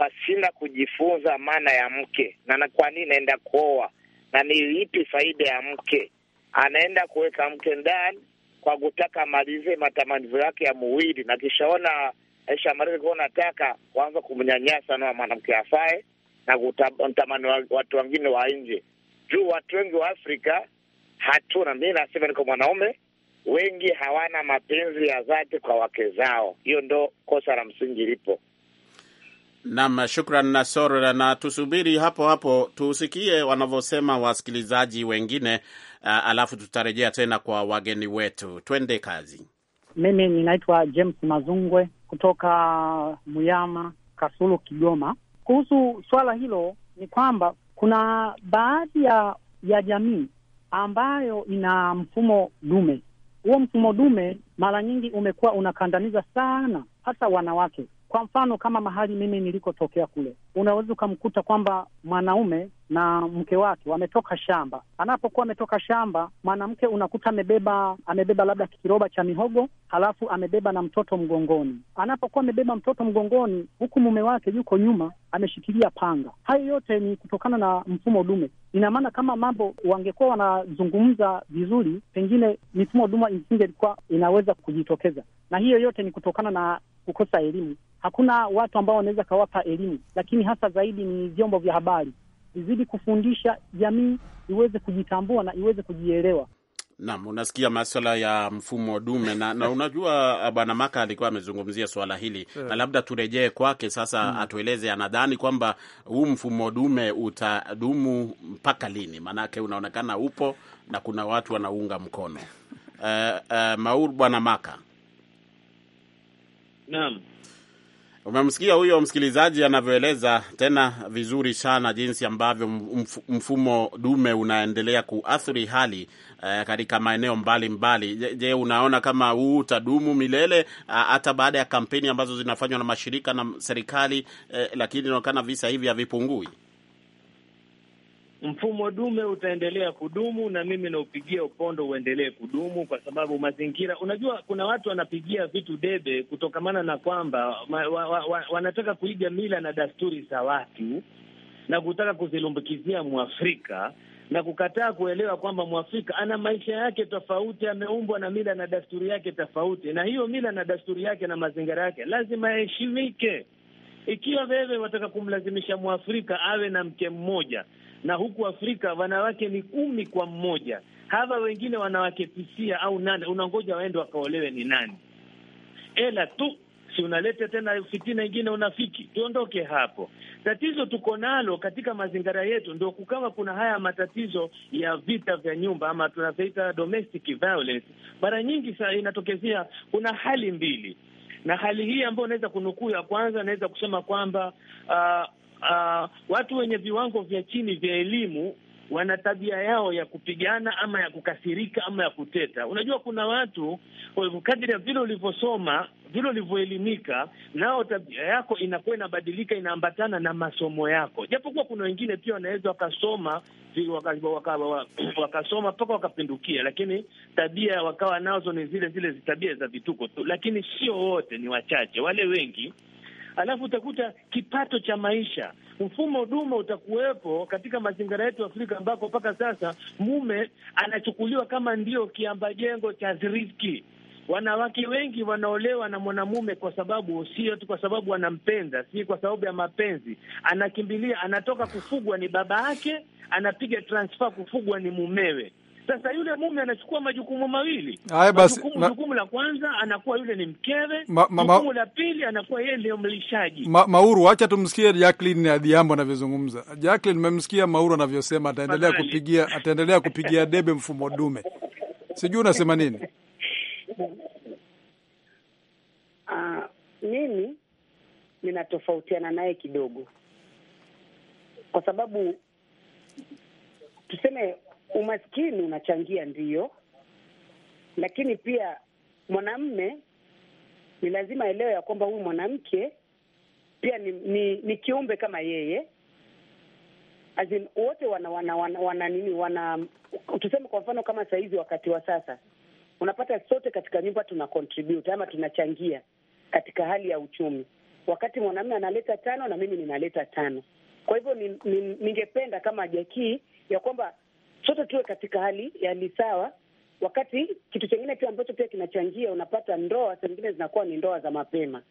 pasina kujifunza maana ya mke na kwa nini naenda kuoa na ni ipi faida ya mke. Anaenda kuweka mke ndani kwa kutaka amalize matamanizo yake ya muwili, na kishaona aisha malize kuona nataka kuanza kumnyanyasa na mwanamke afae na kutamani watu wengine wa nje. Juu watu wengi wa Afrika hatuna, mi nasema niko mwanaume, wengi hawana mapenzi ya dhati kwa wake zao. Hiyo ndo kosa la msingi lipo. Nam, shukran Nasoro, na tusubiri hapo hapo tusikie wanavyosema wasikilizaji wengine uh, alafu tutarejea tena kwa wageni wetu. Twende kazi. Mimi ninaitwa James Mazungwe kutoka Muyama, Kasulu, Kigoma. Kuhusu swala hilo ni kwamba kuna baadhi ya, ya jamii ambayo ina mfumo dume. Huo mfumo dume mara nyingi umekuwa unakandamiza sana hasa wanawake kwa mfano kama mahali mimi nilikotokea kule unaweza ukamkuta kwamba mwanaume na mke wake wametoka shamba. Anapokuwa ametoka shamba, mwanamke unakuta amebeba amebeba labda kiroba cha mihogo, halafu amebeba na mtoto mgongoni. Anapokuwa amebeba mtoto mgongoni, huku mume wake yuko nyuma ameshikilia panga. Hayo yote ni kutokana na mfumo dume. Ina maana kama mambo wangekuwa wanazungumza vizuri, pengine mifumo dume isingelikuwa inaweza kujitokeza, na hiyo yote ni kutokana na kukosa elimu. Hakuna watu ambao wanaweza kawapa elimu, lakini lakini hasa zaidi ni vyombo vya habari vizidi kufundisha jamii iweze kujitambua na iweze kujielewa. Naam, unasikia maswala ya mfumo dume na, na unajua uh, Bwana Maka alikuwa amezungumzia swala hili yeah. Na labda turejee kwake sasa mm. Atueleze anadhani kwamba huu mfumo dume utadumu mpaka lini? Maanake unaonekana upo na kuna watu wanaunga mkono uh, *laughs* eh, uh, eh, Maur Bwana Maka. Naam, Umemsikia huyo msikilizaji anavyoeleza tena vizuri sana jinsi ambavyo mfumo dume unaendelea kuathiri hali eh, katika maeneo mbalimbali mbali. Je, je, unaona kama huu utadumu milele hata baada ya kampeni ambazo zinafanywa na mashirika na serikali eh, lakini inaonekana visa hivi havipungui? mfumo dume utaendelea kudumu, na mimi naupigia upondo uendelee kudumu, kwa sababu mazingira, unajua, kuna watu wanapigia vitu debe kutokamana na kwamba ma, wa, wa, wa, wanataka kuiga mila na dasturi za watu na kutaka kuzilumbukizia Mwafrika na kukataa kuelewa kwamba Mwafrika ana maisha yake tofauti, ameumbwa na mila na dasturi yake tofauti, na hiyo mila na dasturi yake na mazingira yake lazima yaheshimike. Ikiwa wewe wataka kumlazimisha Mwafrika awe na mke mmoja na huku Afrika wanawake ni kumi kwa mmoja. Hawa wengine wanawake tisia au nane, unangoja waende wakaolewe ni nani? Ela tu si unalete tena fitina ingine, unafiki. Tuondoke hapo. Tatizo tuko nalo katika mazingira yetu, ndio kukawa kuna haya matatizo ya vita vya nyumba ama tunavyoita domestic violence. Mara nyingi saa inatokezea kuna hali mbili, na hali hii ambayo unaweza kunukuu ya kwanza, naweza kusema kwamba uh, uh, watu wenye viwango vya chini vya elimu wana tabia yao ya kupigana ama ya kukasirika ama ya kuteta. Unajua, kuna watu kadri ya vile ulivyosoma vile ulivyoelimika, nao tabia yako inakuwa inabadilika, inaambatana na masomo yako, japokuwa kuna wengine pia wanaweza wakasoma wakasoma waka, waka *clears throat* mpaka wakapindukia, lakini tabia wakawa nazo ni zile zile tabia za vituko tu, lakini sio wote, ni wachache. Wale wengi alafu utakuta kipato cha maisha. Mfumo dume utakuwepo katika mazingira yetu Afrika, ambako mpaka sasa mume anachukuliwa kama ndio kiamba jengo cha riziki. Wanawake wengi wanaolewa na mwanamume kwa sababu, sio tu kwa sababu anampenda, si kwa sababu ya mapenzi. Anakimbilia, anatoka kufugwa ni baba yake, anapiga transfer kufugwa ni mumewe. Sasa yule mume anachukua majukumu mawili. Haya basi, jukumu la kwanza anakuwa yule ni mkewe, jukumu la pili anakuwa yeye ndio mlishaji. Ma, Mauru, acha tumsikie Jacqueline Adhiambo anavyozungumza. Jacqueline, mmemsikia Mauru anavyosema ataendelea kupigia ataendelea kupigia debe mfumo dume. Sijui unasema nini? Uh, mimi ninatofautiana naye kidogo, kwa sababu tuseme umaskini unachangia ndiyo, lakini pia mwanamme ni lazima elewe ya kwamba huyu mwanamke pia ni, ni, ni kiumbe kama yeye azin, wote wana wana wana, wana, nini, wana tuseme kwa mfano kama sahizi wakati wa sasa unapata sote katika nyumba tuna contribute ama tunachangia katika hali ya uchumi. Wakati mwanamume analeta tano na mimi ninaleta tano, kwa hivyo ningependa ni, ningependa kama Jakii ya kwamba sote tuwe katika hali hali sawa. Wakati kitu chengine pia ambacho pia kinachangia, unapata ndoa zingine zinakuwa ni ndoa za mapema,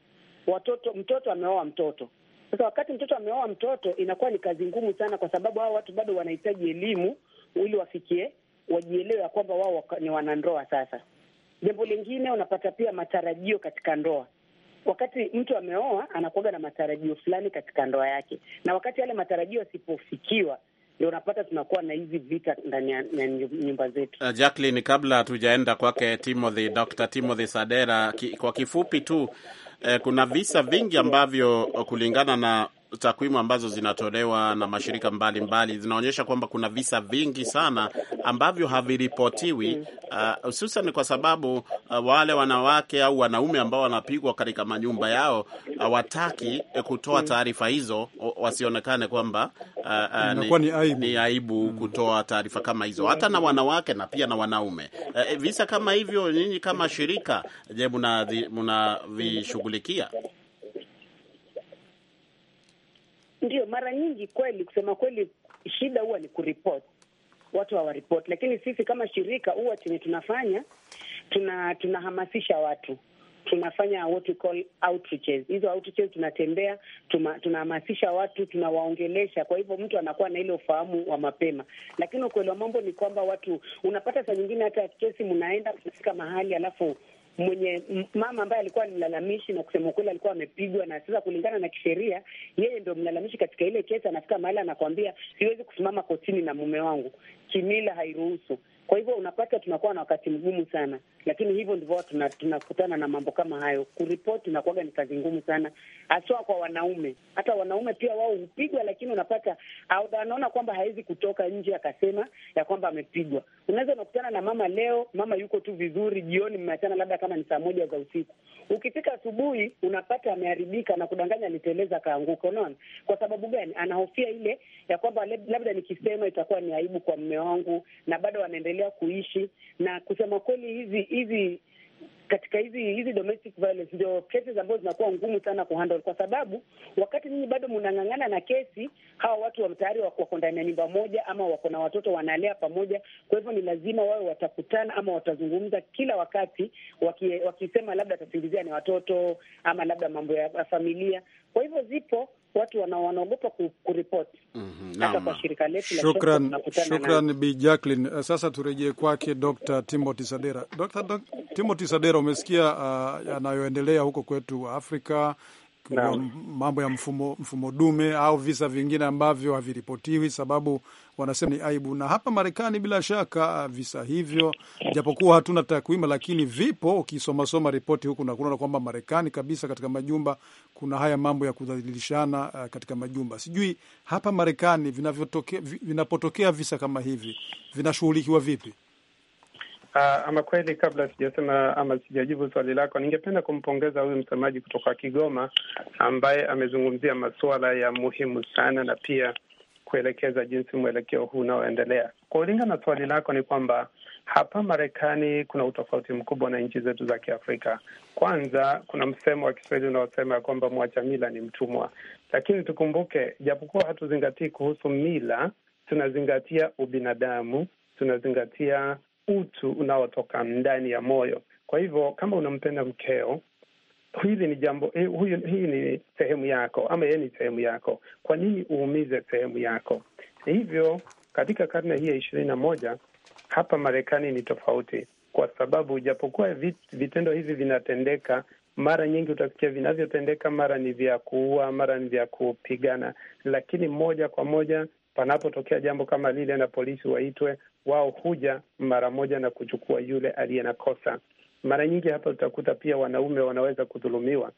watoto mtoto ameoa mtoto. Sasa wakati mtoto ameoa mtoto, inakuwa ni kazi ngumu sana, kwa sababu hao watu bado wanahitaji elimu ili wafikie, wajielewe ya kwamba wao ni wanandoa. Sasa jambo lingine, unapata pia matarajio katika ndoa Wakati mtu ameoa anakuwaga na matarajio fulani katika ndoa yake, na wakati yale matarajio yasipofikiwa, ndio unapata tunakuwa na hizi vita ndani ya nyumba zetu. Uh, Jacqueline, kabla hatujaenda kwake Timothy, Dr. Timothy Sadera, ki, kwa kifupi tu eh, kuna visa vingi ambavyo kulingana na takwimu ambazo zinatolewa na mashirika mbalimbali mbali zinaonyesha kwamba kuna visa vingi sana ambavyo haviripotiwi uh, hususan uh, kwa sababu uh, wale wanawake au wanaume ambao wanapigwa katika manyumba yao hawataki uh, kutoa taarifa hizo, wasionekane kwamba uh, uh, ni, ni, ni aibu kutoa taarifa kama hizo, hata na wanawake na pia na wanaume uh, visa kama hivyo, nyinyi kama shirika, je, mnavishughulikia? Ndio, mara nyingi kweli, kusema kweli, shida huwa ni kuripoti, watu hawaripoti. Lakini sisi kama shirika huwa chenye tunafanya tuna tunahamasisha watu, tunafanya what we call outreaches. Hizo outreaches tunatembea, tunahamasisha watu, tunawaongelesha. Kwa hivyo mtu anakuwa na ile ufahamu wa mapema, lakini ukweli wa mambo ni kwamba watu, unapata saa nyingine hata kesi mnaenda, mnafika mahali alafu mwenye mama ambaye alikuwa ni mlalamishi na kusema ukweli alikuwa amepigwa, na sasa kulingana na kisheria yeye ndio mlalamishi katika ile kesi. Anafika mahali anakwambia siwezi kusimama kotini na mume wangu, kimila hairuhusu. Kwa hivyo unapata tunakuwa na wakati mgumu sana, lakini hivyo ndivyo tunakutana na mambo kama hayo. Kuripoti inakuwaga ni kazi ngumu sana, haswa kwa wanaume. Hata wanaume pia wao hupigwa, lakini unapata anaona kwamba hawezi kutoka nje akasema ya kwamba amepigwa. Unaweza unakutana na mama leo, mama yuko tu vizuri, jioni mmeachana, labda kama ni saa moja za usiku. Ukifika asubuhi unapata ameharibika na kudanganya, aliteleza akaanguka. Unaona kwa sababu gani? Anahofia ile ya kwamba labda nikisema itakuwa ni aibu kwa mme wangu, na bado wanaendelea wanaendelea kuishi, na kusema kweli hizi hizi katika hizi hizi domestic violence ndio cases ambazo zinakuwa ngumu sana kuhandle, kwa sababu wakati nyinyi bado mnang'ang'ana na kesi, hawa watu wa tayari wako ndani ya nyumba moja ama wako na watoto wanalea pamoja. Kwa hivyo ni lazima wawe watakutana ama watazungumza kila wakati, wakisema labda atasingizia ni watoto ama labda mambo ya familia. Kwa hivyo zipo watu wanaogopa kuripoti mm -hmm. kwa shirika letu la shukran, shukran Bi Jacqueline. Eh, sasa turejee kwake Dr. Timothy Sadera. Dr. Timothy Sadera, umesikia uh, yanayoendelea huko kwetu Afrika mambo ya mfumo, mfumo dume au visa vingine ambavyo haviripotiwi, sababu wanasema ni aibu. Na hapa Marekani bila shaka ah, visa hivyo, japokuwa hatuna takwimu, lakini vipo. Ukisomasoma ripoti huku na kunaona kwamba Marekani kabisa katika majumba kuna haya mambo ya kudhalilishana ah, katika majumba. Sijui hapa Marekani vinavyotokea, vinapotokea visa kama hivi vinashughulikiwa vipi? Uh, ama kweli, kabla sijasema ama sijajibu swali lako, ningependa kumpongeza huyu msemaji kutoka Kigoma ambaye amezungumzia masuala ya muhimu sana na pia kuelekeza jinsi mwelekeo huu unaoendelea. Kwa na swali lako, ni kwamba hapa Marekani kuna utofauti mkubwa na nchi zetu za Kiafrika. Kwanza kuna msemo wa Kiswahili unaosema ya kwamba mwacha mila ni mtumwa, lakini tukumbuke, japokuwa hatuzingatii kuhusu mila, tunazingatia ubinadamu, tunazingatia utu unaotoka ndani ya moyo. Kwa hivyo kama unampenda mkeo, hili ni jambo eh, huyu, hii ni sehemu yako ama yeye ni sehemu yako. Kwa nini uumize sehemu yako? Hivyo katika karne hii ya ishirini na moja hapa Marekani ni tofauti, kwa sababu japokuwa vit, vitendo hivi vinatendeka mara nyingi utasikia vinavyotendeka, mara ni vya kuua, mara ni vya kupigana, lakini moja kwa moja panapotokea jambo kama lile na polisi waitwe, wao huja mara moja na kuchukua yule aliye na kosa. Mara nyingi hapa utakuta pia wanaume wanaweza kudhulumiwa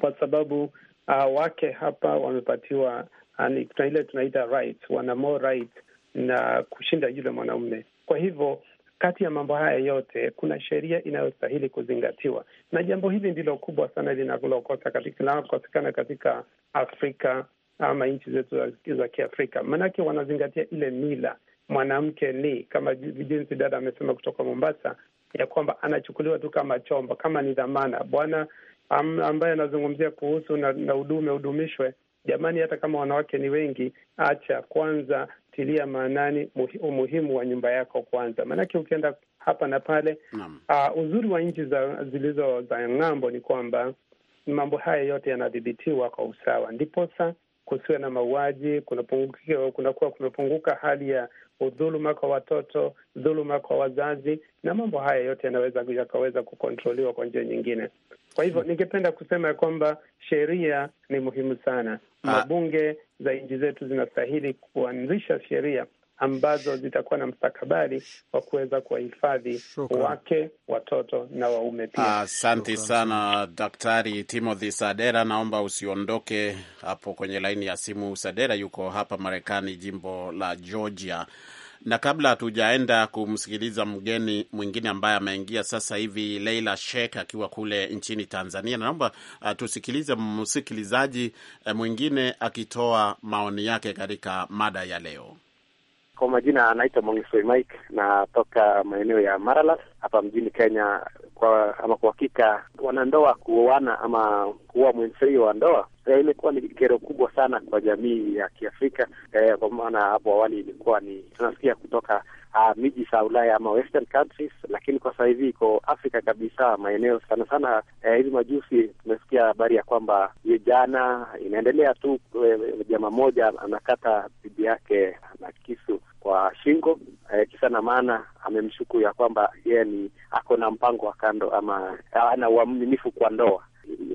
kwa sababu uh, wake hapa wamepatiwa uh, ile tunaita right, wana more right na kushinda yule mwanaume. Kwa hivyo kati ya mambo haya yote kuna sheria inayostahili kuzingatiwa, na jambo hili ndilo kubwa sana linalokosekana katika Afrika ama nchi zetu za, Kiafrika, maanake wanazingatia ile mila mwanamke ni kama jinsi dada amesema kutoka Mombasa ya kwamba anachukuliwa tu kama chombo, kama ni dhamana. Bwana am, ambaye anazungumzia kuhusu na, na udume udumishwe. Jamani, hata kama wanawake ni wengi, acha kwanza, tilia maanani umuhimu wa nyumba yako kwanza, maanake ukienda hapa na pale uh, uzuri wa nchi zilizo za ng'ambo ni kwamba mambo haya yote yanadhibitiwa kwa usawa, ndiposa kusiwe na mauaji, kunakuwa kumepunguka hali ya udhuluma kwa watoto, dhuluma kwa wazazi, na mambo haya yote yanaweza yakaweza kukontroliwa kwa njia nyingine. Kwa hivyo ningependa kusema ya kwamba sheria ni muhimu sana. Ah. Mabunge za nchi zetu zinastahili kuanzisha sheria ambazo zitakuwa na mstakabali wa kuweza kuwahifadhi wake, watoto na waume pia. Asante ah, sana Daktari Timothy Sadera, naomba usiondoke hapo kwenye laini ya simu. Sadera yuko hapa Marekani, jimbo la Georgia na kabla hatujaenda kumsikiliza mgeni mwingine ambaye ameingia sasa hivi, Leila Sheikh akiwa kule nchini Tanzania, naomba uh, tusikilize msikilizaji uh, mwingine akitoa maoni yake katika mada ya leo. Kwa majina anaitwa Mongisoi Mike, natoka maeneo ya marala hapa mjini Kenya. Kwa ama kwa hakika, wanandoa kuoana ama kuoa mwenzio wa ndoa e, imekuwa ni kero kubwa sana kwa jamii ya Kiafrika e, kwa maana hapo awali ilikuwa ni tunasikia kutoka uh, miji za Ulaya ama western countries, lakini kwa sasa hivi iko Afrika kabisa, maeneo sana sana. Eh, hivi majusi majuzi tumesikia habari ya kwamba jana inaendelea tu, eh, jamaa moja anakata bibi yake na kisu kwa shingo eh, kisa na maana amemshuku ya kwamba yeye ni ako na mpango wa kando ama ana ah, uaminifu kwa ndoa.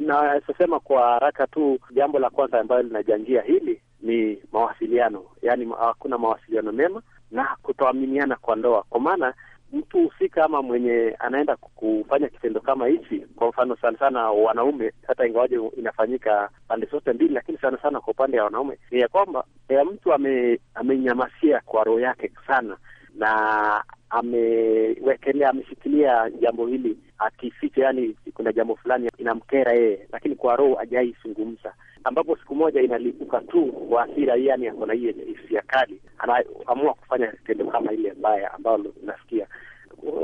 Na kwa haraka tu, jambo la kwanza ambalo linajangia hili ni mawasiliano, yaani hakuna mawasiliano mema na kutoaminiana kwa ndoa, kwa maana mtu husika ama mwenye anaenda kufanya kitendo kama hichi, kwa mfano sana sana wanaume, hata ingawaje inafanyika pande zote mbili, lakini sana sana kwa upande ya wanaume ni ya kwamba ya mtu ame, amenyamasia kwa roho yake sana na amewekelea ameshikilia jambo hili akificha, yani kuna jambo fulani inamkera yeye, lakini kwa roho hajaizungumza ambapo siku moja inalipuka tu kwa hasira, yani ako na hiyo hisia kali, anaamua kufanya tendo kama ile mbaya ambalo nasikia.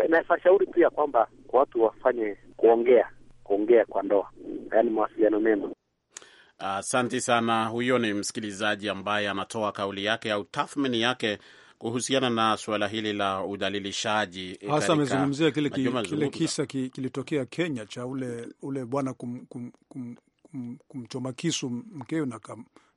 Naweza shauri pia kwamba kwa watu wafanye kuongea, kuongea kwa ndoa, yani mawasiliano mema. Asante uh, sana. Huyo ni msikilizaji ambaye anatoa kauli yake au tathmini yake kuhusiana na suala hili la udhalilishaji, hasa amezungumzia kile, kile kisa kilitokea Kenya cha ule, ule bwana kum, kum, kum, kumchoma kisu mkewe na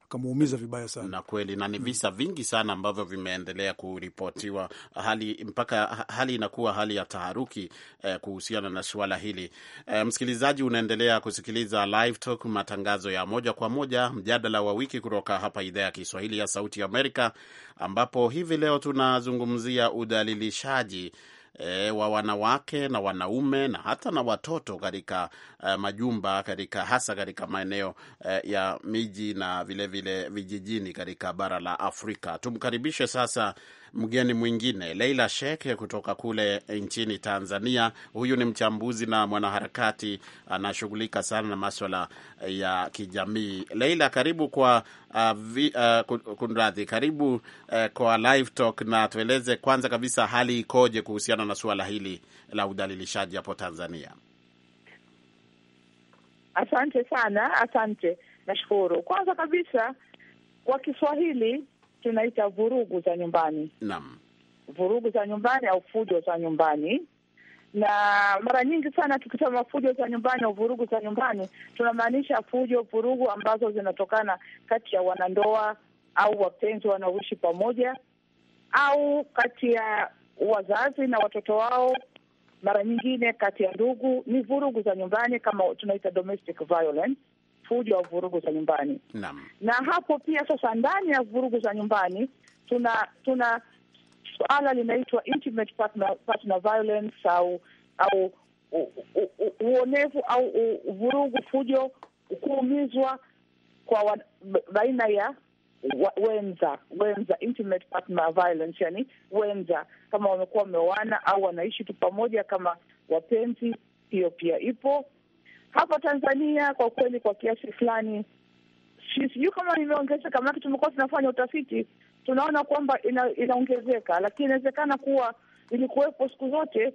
kamuumiza vibaya sana. Na kweli na ni mm. visa vingi sana ambavyo vimeendelea kuripotiwa, hali mpaka hali inakuwa hali ya taharuki eh, kuhusiana na suala hili eh. Msikilizaji, unaendelea kusikiliza Live Talk, matangazo ya moja kwa moja, mjadala wa wiki kutoka hapa idhaa ya Kiswahili ya Sauti ya Amerika, ambapo hivi leo tunazungumzia udhalilishaji e, wa wanawake na wanaume na hata na watoto katika e, majumba katika hasa katika maeneo e, ya miji na vilevile vile vijijini katika bara la Afrika. Tumkaribishe sasa mgeni mwingine Leila sheke kutoka kule nchini Tanzania. Huyu ni mchambuzi na mwanaharakati, anashughulika sana na maswala ya kijamii. Leila, karibu kwa uh, uh, kundradhi, karibu uh, kwa Live Talk, na tueleze kwanza kabisa hali ikoje kuhusiana na suala hili la udhalilishaji hapo Tanzania. Asante sana, asante. Nashukuru. Kwanza kabisa kwa Kiswahili tunaita vurugu za nyumbani. Naam, vurugu za nyumbani au fujo za nyumbani. Na mara nyingi sana tukisema fujo za nyumbani au vurugu za nyumbani, tunamaanisha fujo, vurugu ambazo zinatokana kati ya wanandoa au wapenzi wanaoishi pamoja au kati ya wazazi na watoto wao, mara nyingine kati ya ndugu. Ni vurugu za nyumbani, kama tunaita domestic violence fujo au vurugu za nyumbani. Na hapo pia sasa, ndani ya vurugu za nyumbani tuna tuna suala linaitwa intimate partner, partner violence au au uonevu au vurugu, fujo, kuumizwa kwa wa, baina ya wa, wenza wenza, intimate partner violence, yani wenza kama wamekuwa wameoana au wanaishi tu pamoja kama wapenzi, hiyo pia ipo hapa Tanzania kwa kweli, kwa kiasi fulani, sijui kama imeongezeka, maanake tumekuwa tunafanya utafiti, tunaona kwamba ina, inaongezeka, lakini inawezekana kuwa ilikuwepo siku zote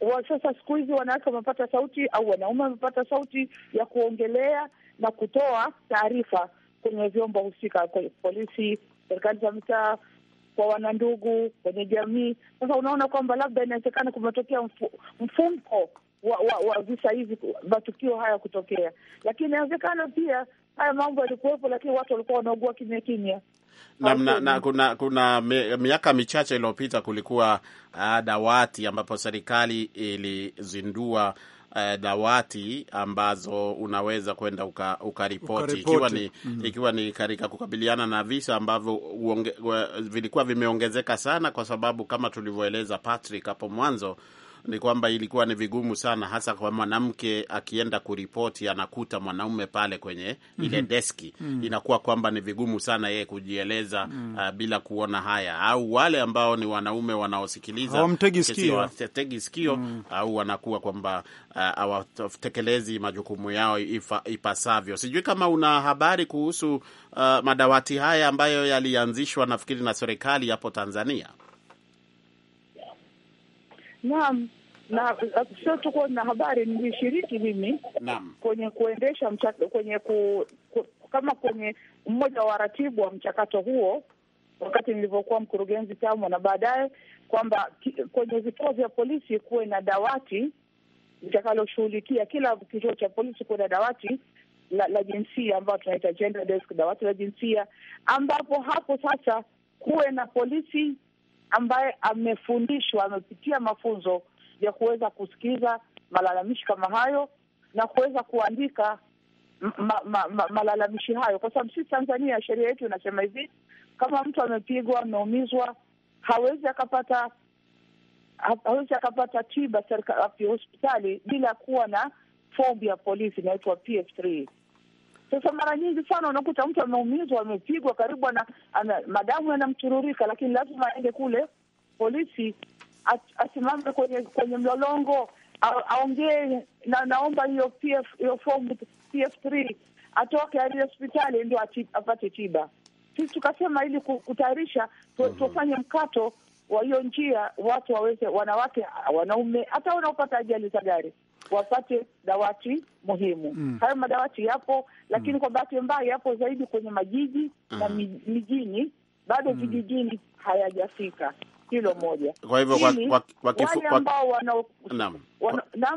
wa sasa. Siku hizi wanawake wamepata sauti au wanaume wamepata sauti ya kuongelea na kutoa taarifa kwenye vyombo husika, kwa polisi, serikali za mitaa, kwa wanandugu, kwenye jamii. Sasa unaona kwamba labda inawezekana kumetokea mfu, mfumko wa, wa, wa visa hivi matukio haya kutokea, lakini inawezekana pia haya mambo yalikuwepo, lakini watu walikuwa wanaugua kimya kimya. Na, na, na kuna kuna miaka michache iliyopita kulikuwa uh, dawati ambapo serikali ilizindua uh, dawati ambazo unaweza kwenda ukaripoti uka ikiwa ni, mm -hmm. ni katika kukabiliana na visa ambavyo vilikuwa vimeongezeka sana, kwa sababu kama tulivyoeleza Patrick hapo mwanzo ni kwamba ilikuwa ni vigumu sana, hasa kwa mwanamke akienda kuripoti anakuta mwanaume pale kwenye mm -hmm. ile mhm. deski mm -hmm. inakuwa kwamba ni vigumu sana yeye kujieleza mm -hmm. uh, bila kuona haya, au wale ambao ni wanaume wanaosikiliza hawamtegi sikio mm -hmm. au wanakuwa kwamba hawatekelezi uh, majukumu yao ifa, ipasavyo. Sijui kama una habari kuhusu uh, madawati haya ambayo yalianzishwa nafikiri na serikali hapo Tanzania. Naam, na sio tu kuwa na habari, nilishiriki mimi naam, kwenye kuendesha mchakato, kwenye ku, ku, kama kwenye mmoja wa ratibu wa mchakato huo wakati nilivyokuwa mkurugenzi TAMWA, na baadaye kwamba kwenye vituo vya polisi kuwe na dawati litakaloshughulikia kila kituo cha polisi kuwe na dawati la, la jinsia ambayo tunaita gender desk, dawati la jinsia, ambapo hapo sasa kuwe na polisi ambaye amefundishwa, amepitia mafunzo ya kuweza kusikiza malalamishi kama hayo na kuweza kuandika ma, ma, ma, malalamishi hayo, kwa sababu sisi Tanzania sheria yetu inasema hivi, kama mtu amepigwa, ameumizwa, hawezi akapata hawezi akapata tiba hospitali bila kuwa na fomu ya polisi inaitwa PF3. Sasa mara nyingi sana unakuta mtu ameumizwa, amepigwa karibu ana, ana, madamu yanamchururika, lakini lazima aende kule polisi, asimame kwenye kwenye mlolongo, aongee na naomba hiyo PF hiyo form PF3 atoke ali hospitali ndio apate tiba. Sisi tukasema ili kutayarisha mhm. tufanye mkato wa hiyo njia, watu waweze, wanawake, wanaume, hata wanaopata ajali za gari wapate dawati muhimu mm. Hayo madawati yapo, lakini mm. kwa bahati mbaya yapo zaidi kwenye majiji mm. na mijini, bado vijijini mm. hayajafika. Hilo moja. Kwa hivyo wale ambao wanao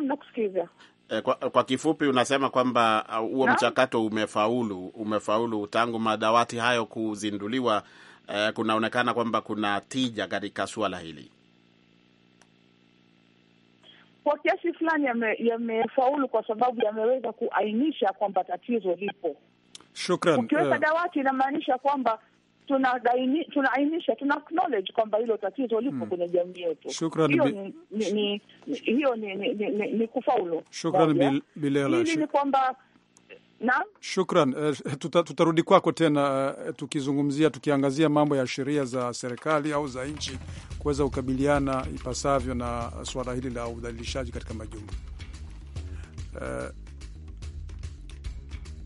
nakusikiza eh, kwa, kwa kifupi unasema kwamba uh, huo uh, mchakato umefaulu umefaulu tangu madawati hayo kuzinduliwa. Uh, kunaonekana kwamba kuna tija katika suala hili kwa kiasi fulani yamefaulu yame, kwa sababu yameweza kuainisha kwamba tatizo lipo. Shukran. Ukiweka eh. dawati inamaanisha kwamba tunaainisha tuna, tuna acknowledge kwamba hilo tatizo lipo hmm, kwenye jamii yetu. Shukran. Hiyo ni, ni, ni, ni, ni, ni, ni, kufaulu. Shukran Bilela. ni kwamba Naam, shukran. Uh, tuta, tutarudi kwako tena uh, tukizungumzia tukiangazia mambo ya sheria za serikali au za nchi kuweza kukabiliana ipasavyo na suala hili la udhalilishaji katika majumba uh,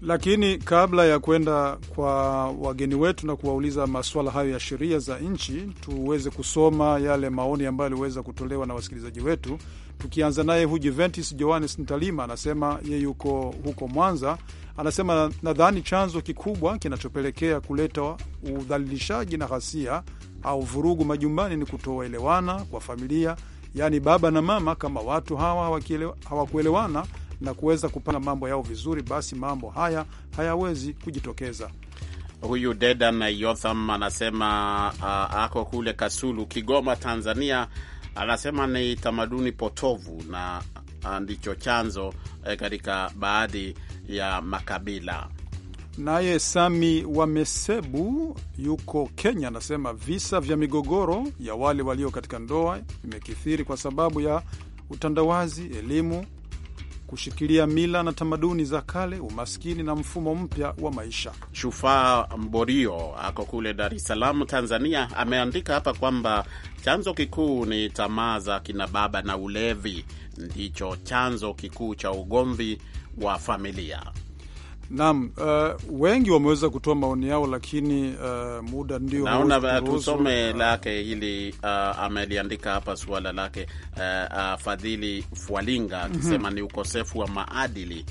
lakini kabla ya kwenda kwa wageni wetu na kuwauliza masuala hayo ya sheria za nchi, tuweze kusoma yale maoni ambayo yaliweza kutolewa na wasikilizaji wetu. Tukianza naye hu Juventus Johannes Ntalima anasema ye yuko huko Mwanza, anasema nadhani chanzo kikubwa kinachopelekea kuleta udhalilishaji na ghasia au vurugu majumbani ni kutoelewana kwa familia, yaani baba na mama. Kama watu hawa hawakuelewana na kuweza kupanga mambo yao vizuri, basi mambo haya hayawezi kujitokeza. Huyu Dedan Yotham anasema uh, ako kule Kasulu, Kigoma, Tanzania anasema ni tamaduni potovu na ah, ndicho chanzo eh, katika baadhi ya makabila. Naye Sami Wamesebu yuko Kenya anasema visa vya migogoro ya wale walio katika ndoa vimekithiri kwa sababu ya utandawazi, elimu kushikilia mila na tamaduni za kale, umaskini na mfumo mpya wa maisha. Shufaa Mborio ako kule Dar es Salaam, Tanzania, ameandika hapa kwamba chanzo kikuu ni tamaa za kina baba na ulevi ndicho chanzo kikuu cha ugomvi wa familia. Naam, uh, wengi wameweza kutoa maoni yao, lakini uh, muda ndio naona tusome lake hili uh, ameliandika hapa suala lake uh, uh, Fadhili Fwalinga mhm. akisema mm -hmm. ni ukosefu wa maadili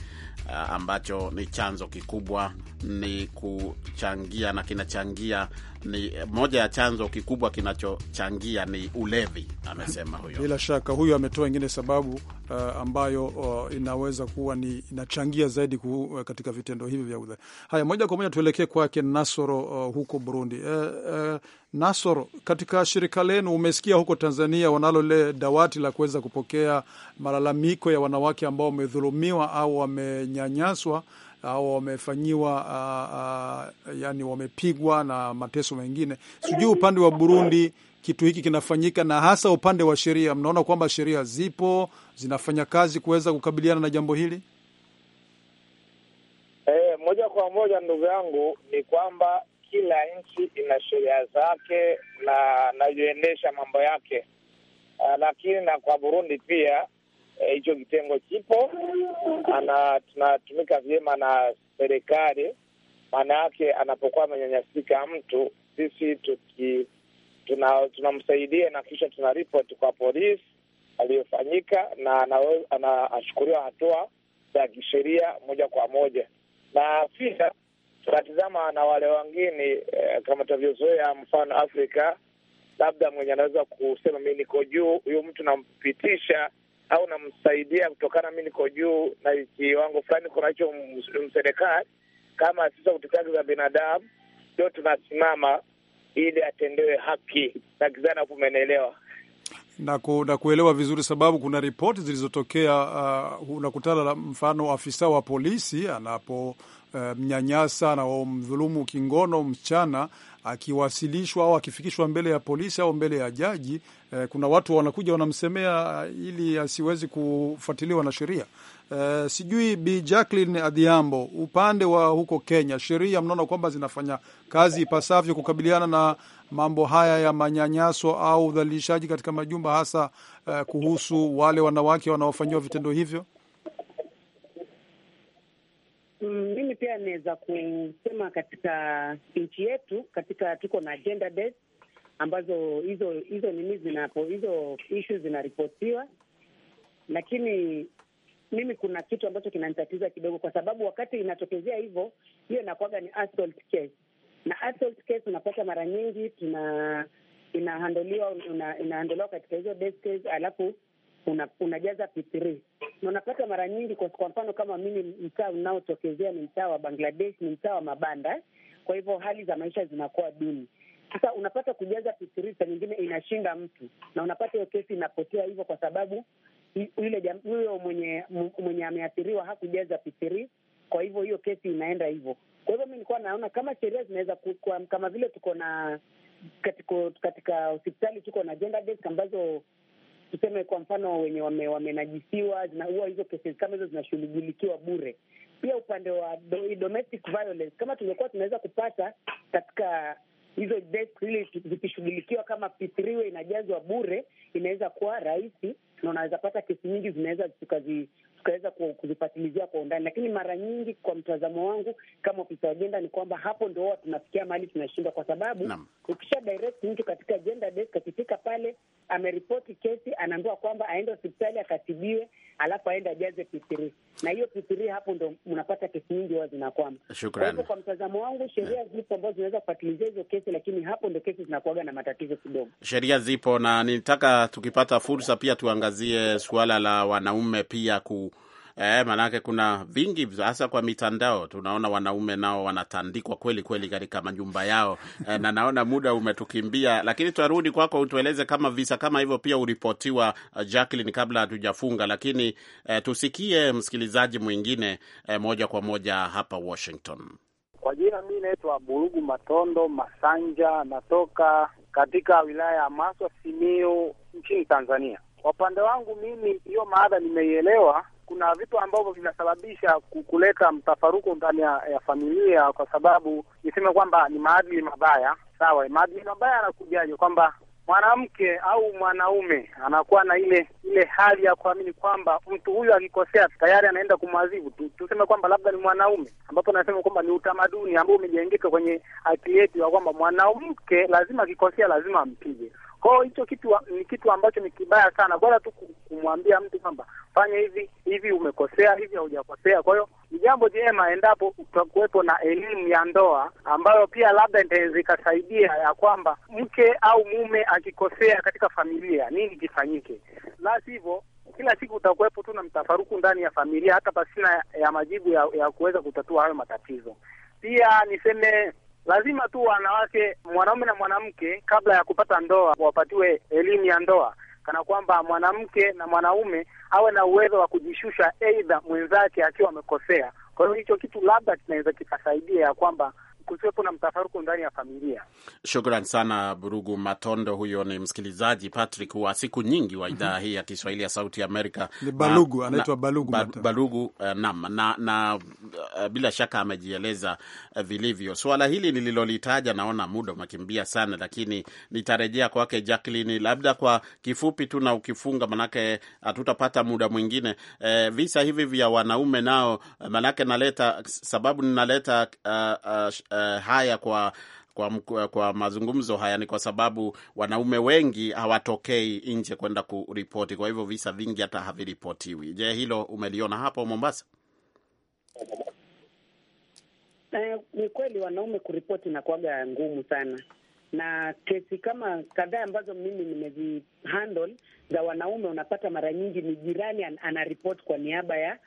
uh, ambacho ni chanzo kikubwa, ni kuchangia na kinachangia ni moja ya chanzo kikubwa kinachochangia ni ulevi, amesema huyo. Bila shaka huyo ametoa ingine sababu uh, ambayo uh, inaweza kuwa ni inachangia zaidi ku, uh, katika vitendo hivi vya ulevi. Haya, moja kwa moja tuelekee kwake Nasoro uh, huko Burundi. uh, uh, Nasoro, katika shirika lenu umesikia huko Tanzania wanalo lile dawati la kuweza kupokea malalamiko ya wanawake ambao wamedhulumiwa au wamenyanyaswa au wamefanyiwa ah, ah, yani, wamepigwa na mateso mengine. Sijui upande wa Burundi kitu hiki kinafanyika, na hasa upande wa sheria, mnaona kwamba sheria zipo zinafanya kazi kuweza kukabiliana na jambo hili? E, moja kwa moja ndugu yangu, ni kwamba kila nchi ina sheria zake na inayoendesha mambo yake, ah, lakini na kwa Burundi pia Eh, hicho e, kitengo kipo ana, tunatumika vyema na serikali. Maana yake anapokuwa amenyanyasika mtu, sisi tuki tunamsaidia tuna na kisha tuna ripoti kwa polisi aliyofanyika, na ana, hatua za kisheria moja kwa moja, na pia tunatizama na wale wengine eh, kama tavyozoea, mfano Afrika labda mwenye anaweza kusema mi niko juu, huyu mtu nampitisha au namsaidia kutokana, mi niko juu na kiwango fulani kunacho mserikali kama sisa wa za binadamu, ndio tunasimama ili atendewe haki na kizana kumenelewa na, ku, na kuelewa vizuri, sababu kuna ripoti zilizotokea. Uh, unakutana mfano afisa wa polisi anapo Eh, mnyanyasa na mdhulumu kingono mchana akiwasilishwa au akifikishwa mbele ya polisi au mbele ya jaji eh, kuna watu wanakuja wanamsemea eh, ili asiwezi kufuatiliwa na sheria eh, sijui Bi Jacqueline Adhiambo, upande wa huko Kenya, sheria mnaona kwamba zinafanya kazi ipasavyo kukabiliana na mambo haya ya manyanyaso au udhalilishaji katika majumba hasa eh, kuhusu wale wanawake wanaofanyiwa vitendo hivyo? Mm, mimi pia naweza kusema katika nchi yetu, katika tuko na gender based, ambazo hizo hizo nini zinapo hizo issues zinaripotiwa, lakini mimi kuna kitu ambacho kinanitatiza kidogo, kwa sababu wakati inatokezea hivyo, hiyo inakuwaga ni assault case, na assault case unapata mara nyingi tuna inahandoliwa inahandoliwa katika hizo desk case, alafu una, unajaza P3 na unapata mara nyingi. Kwa, kwa mfano kama mimi mtaa unaotokezea ni mtaa wa Bangladesh, ni mtaa wa mabanda, kwa hivyo hali za maisha zinakuwa duni. Sasa unapata kujaza P3 saa nyingine inashinda mtu, na unapata hiyo kesi inapotea hivyo, kwa sababu yule huyo mwenye mwenye ameathiriwa hakujaza P3, kwa hivyo hiyo kesi inaenda hivyo. Kwa hivyo mi nilikuwa naona kama sheria zinaweza kama vile tuko na katika katika hospitali tuko na gender desk ambazo tuseme kwa mfano wenye wame, wamenajisiwa, huwa hizo kesi kama hizo zinashughulikiwa bure. Pia upande wa do, domestic violence, kama tungekuwa tunaweza kupata katika hizo desk ili zikishughulikiwa kama P3 inajazwa bure, inaweza kuwa rahisi na unaweza pata kesi nyingi zinaweza tukazi tukaweza kuzifatilizia kwa undani, lakini mara nyingi kwa mtazamo wangu kama ofisa wa jenda ni kwamba hapo ndo huwa tunafikia mahali tunashindwa, kwa sababu ukisha direct mtu katika jenda desk, akifika pale ameripoti kesi, anaambiwa kwamba aende hospitali akatibiwe, alafu aende ajaze P3 na hiyo P3, hapo ndo mnapata kesi nyingi huwa zinakwama. Kwa kwa mtazamo wangu sheria zipo ambazo zinaweza kufatilizia hizo kesi, lakini hapo ndo kesi zinakuaga na matatizo kidogo. Sheria zipo na nitaka tukipata fursa pia tuangazie suala la wanaume pia ku eh, maanake kuna vingi hasa kwa mitandao tunaona wanaume nao wanatandikwa kweli kweli katika majumba yao eh, na naona muda umetukimbia, lakini tutarudi kwako kwa utueleze kama visa kama hivyo pia uripotiwa uh, Jacqueline, kabla hatujafunga, lakini eh, tusikie msikilizaji mwingine eh, moja kwa moja hapa Washington. Kwa jina mi naitwa Burugu Matondo Masanja, natoka katika wilaya ya Maswa, Simiyu, nchini Tanzania. Kwa upande wangu mimi, hiyo maadha nimeielewa. Kuna vitu ambavyo vinasababisha kuleta mtafaruko ndani ya familia, kwa sababu niseme kwamba ni maadili mabaya. Sawa, maadili mabaya yanakujaje? Kwamba mwanamke au mwanaume anakuwa na ile ile hali ya kuamini kwamba mtu huyu akikosea tayari anaenda kumwadhibu tu. Tuseme kwamba labda ni mwanaume, ambapo nasema kwamba ni utamaduni ambao umejengeka kwenye akili yetu ya kwamba mwanamke lazima akikosea lazima ampige. Kwa hiyo hicho kitu ni kitu ambacho ni kibaya sana, bora tu kumwambia mtu kwamba fanya hivi hivi, umekosea hivi, haujakosea. Kwa hiyo ni jambo jema endapo utakuwepo na elimu ya ndoa ambayo pia labda itaweza ikasaidia ya kwamba mke au mume akikosea katika familia nini kifanyike, la sivyo kila siku utakuwepo tu na mtafaruku ndani ya familia hata pasina ya majibu ya, ya kuweza kutatua hayo matatizo. Pia niseme Lazima tu wanawake, mwanaume na mwanamke, kabla ya kupata ndoa, wapatiwe elimu ya ndoa, kana kwamba mwanamke na mwanaume awe na uwezo wa kujishusha, aidha mwenzake akiwa amekosea. Kwa hiyo hicho kitu labda kinaweza kikasaidia ya kwamba kusiwepo na mtafaruku ndani ya familia. Shukran sana Burugu Matondo. Huyo ni msikilizaji Patrick wa siku nyingi wa idhaa hii ya Kiswahili ya Sauti ya Amerika. Ni Balugu, anaitwa Balugu, Balugu. Uh, eh, nam na, na uh, bila shaka amejieleza uh, vilivyo swala hili nililolitaja. Naona muda umekimbia sana, lakini nitarejea kwake Jacqueline, labda kwa kifupi tu na ukifunga, manake hatutapata muda mwingine. Uh, visa hivi vya wanaume nao, manake naleta sababu ninaleta uh, uh, Eh, haya kwa kwa, eh, kwa mazungumzo haya ni kwa sababu wanaume wengi hawatokei nje kwenda kuripoti. Kwa hivyo visa vingi hata haviripotiwi. Je, hilo umeliona hapo Mombasa? Eh, ni kweli wanaume kuripoti inakuwaga ngumu sana, na kesi kama kadhaa ambazo mimi nimezihandle za wanaume, unapata mara nyingi ni jirani anaripoti kwa niaba ya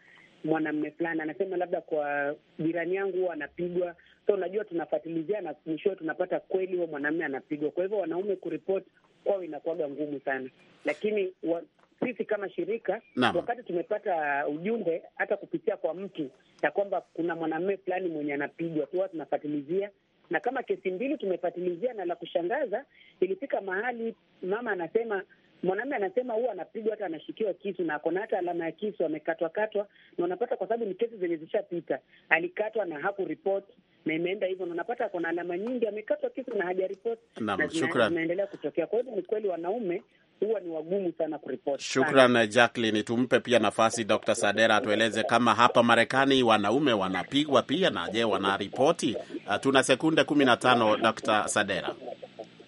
mwanamume fulani, anasema labda kwa jirani yangu huwa anapigwa So unajua tunafatilizia na mwishowe tunapata kweli huo mwanaume anapigwa. Kwa hivyo wanaume kuripoti kwao inakuwaga ngumu sana, lakini wa, sisi kama shirika Naam. wakati tumepata ujumbe hata kupitia kwa mtu ya kwamba kuna mwanaume fulani mwenye anapigwa, huwa tunafatilizia na kama kesi mbili tumefatilizia, na la kushangaza ilifika mahali mama anasema Mwanamume anasema huwa anapigwa hata anashikiwa kisu na akona hata alama ya kisu, amekatwakatwa, na unapata kwa sababu ni kesi zenye zishapita, alikatwa na hakuripoti na imeenda hivyo, na unapata akona alama nyingi, amekatwa kisu na hajaripoti na zinaendelea kutokea. Kwa hivyo ni kweli wanaume huwa ni wagumu sana kuripoti. Shukran Jacqueline, tumpe pia nafasi Dr. Sadera atueleze kama hapa Marekani wanaume wanapigwa pia na je wanaripoti. tuna sekunde kumi na tano Dr. Sadera.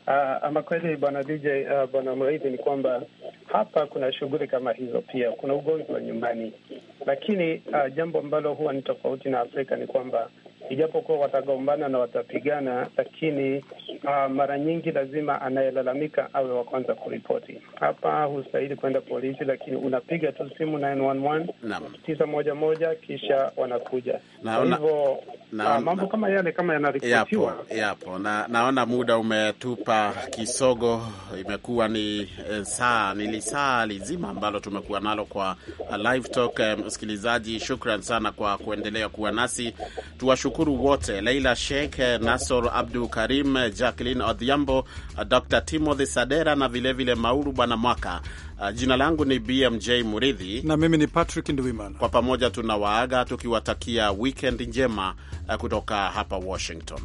Uh, ama kweli bwana DJ, uh, ah, bwana mraidhi ni kwamba hapa kuna shughuli kama hizo pia. Kuna ugonjwa nyumbani, lakini uh, jambo ambalo huwa ni tofauti na Afrika ni kwamba ijapokuwa watagombana na watapigana, lakini uh, mara nyingi lazima anayelalamika awe wa kwanza kuripoti. Hapa hustahili kwenda polisi, lakini unapiga tu simu 911 tisa moja moja, kisha wanakuja. Kwa hivyo ah, mambo kama yale kama yanaripotiwa yapo. Na, naona muda umetupa kisogo, imekuwa ni eh, saa nili saa lizima ambalo tumekuwa nalo kwa ah, live talk. Eh, msikilizaji, shukran sana kwa kuendelea kuwa nasi tuwashukuru Tunawashukuru wote Leila Sheikh, Nasor Abdu Karim, Jacqueline Odhiambo, Dr Timothy Sadera na vilevile Mauru Bwana Mwaka. Ah, jina langu ni BMJ Muridhi na mimi ni Patrick Ndwiman. Kwa pamoja tunawaaga tukiwatakia wikend njema ah, kutoka hapa Washington.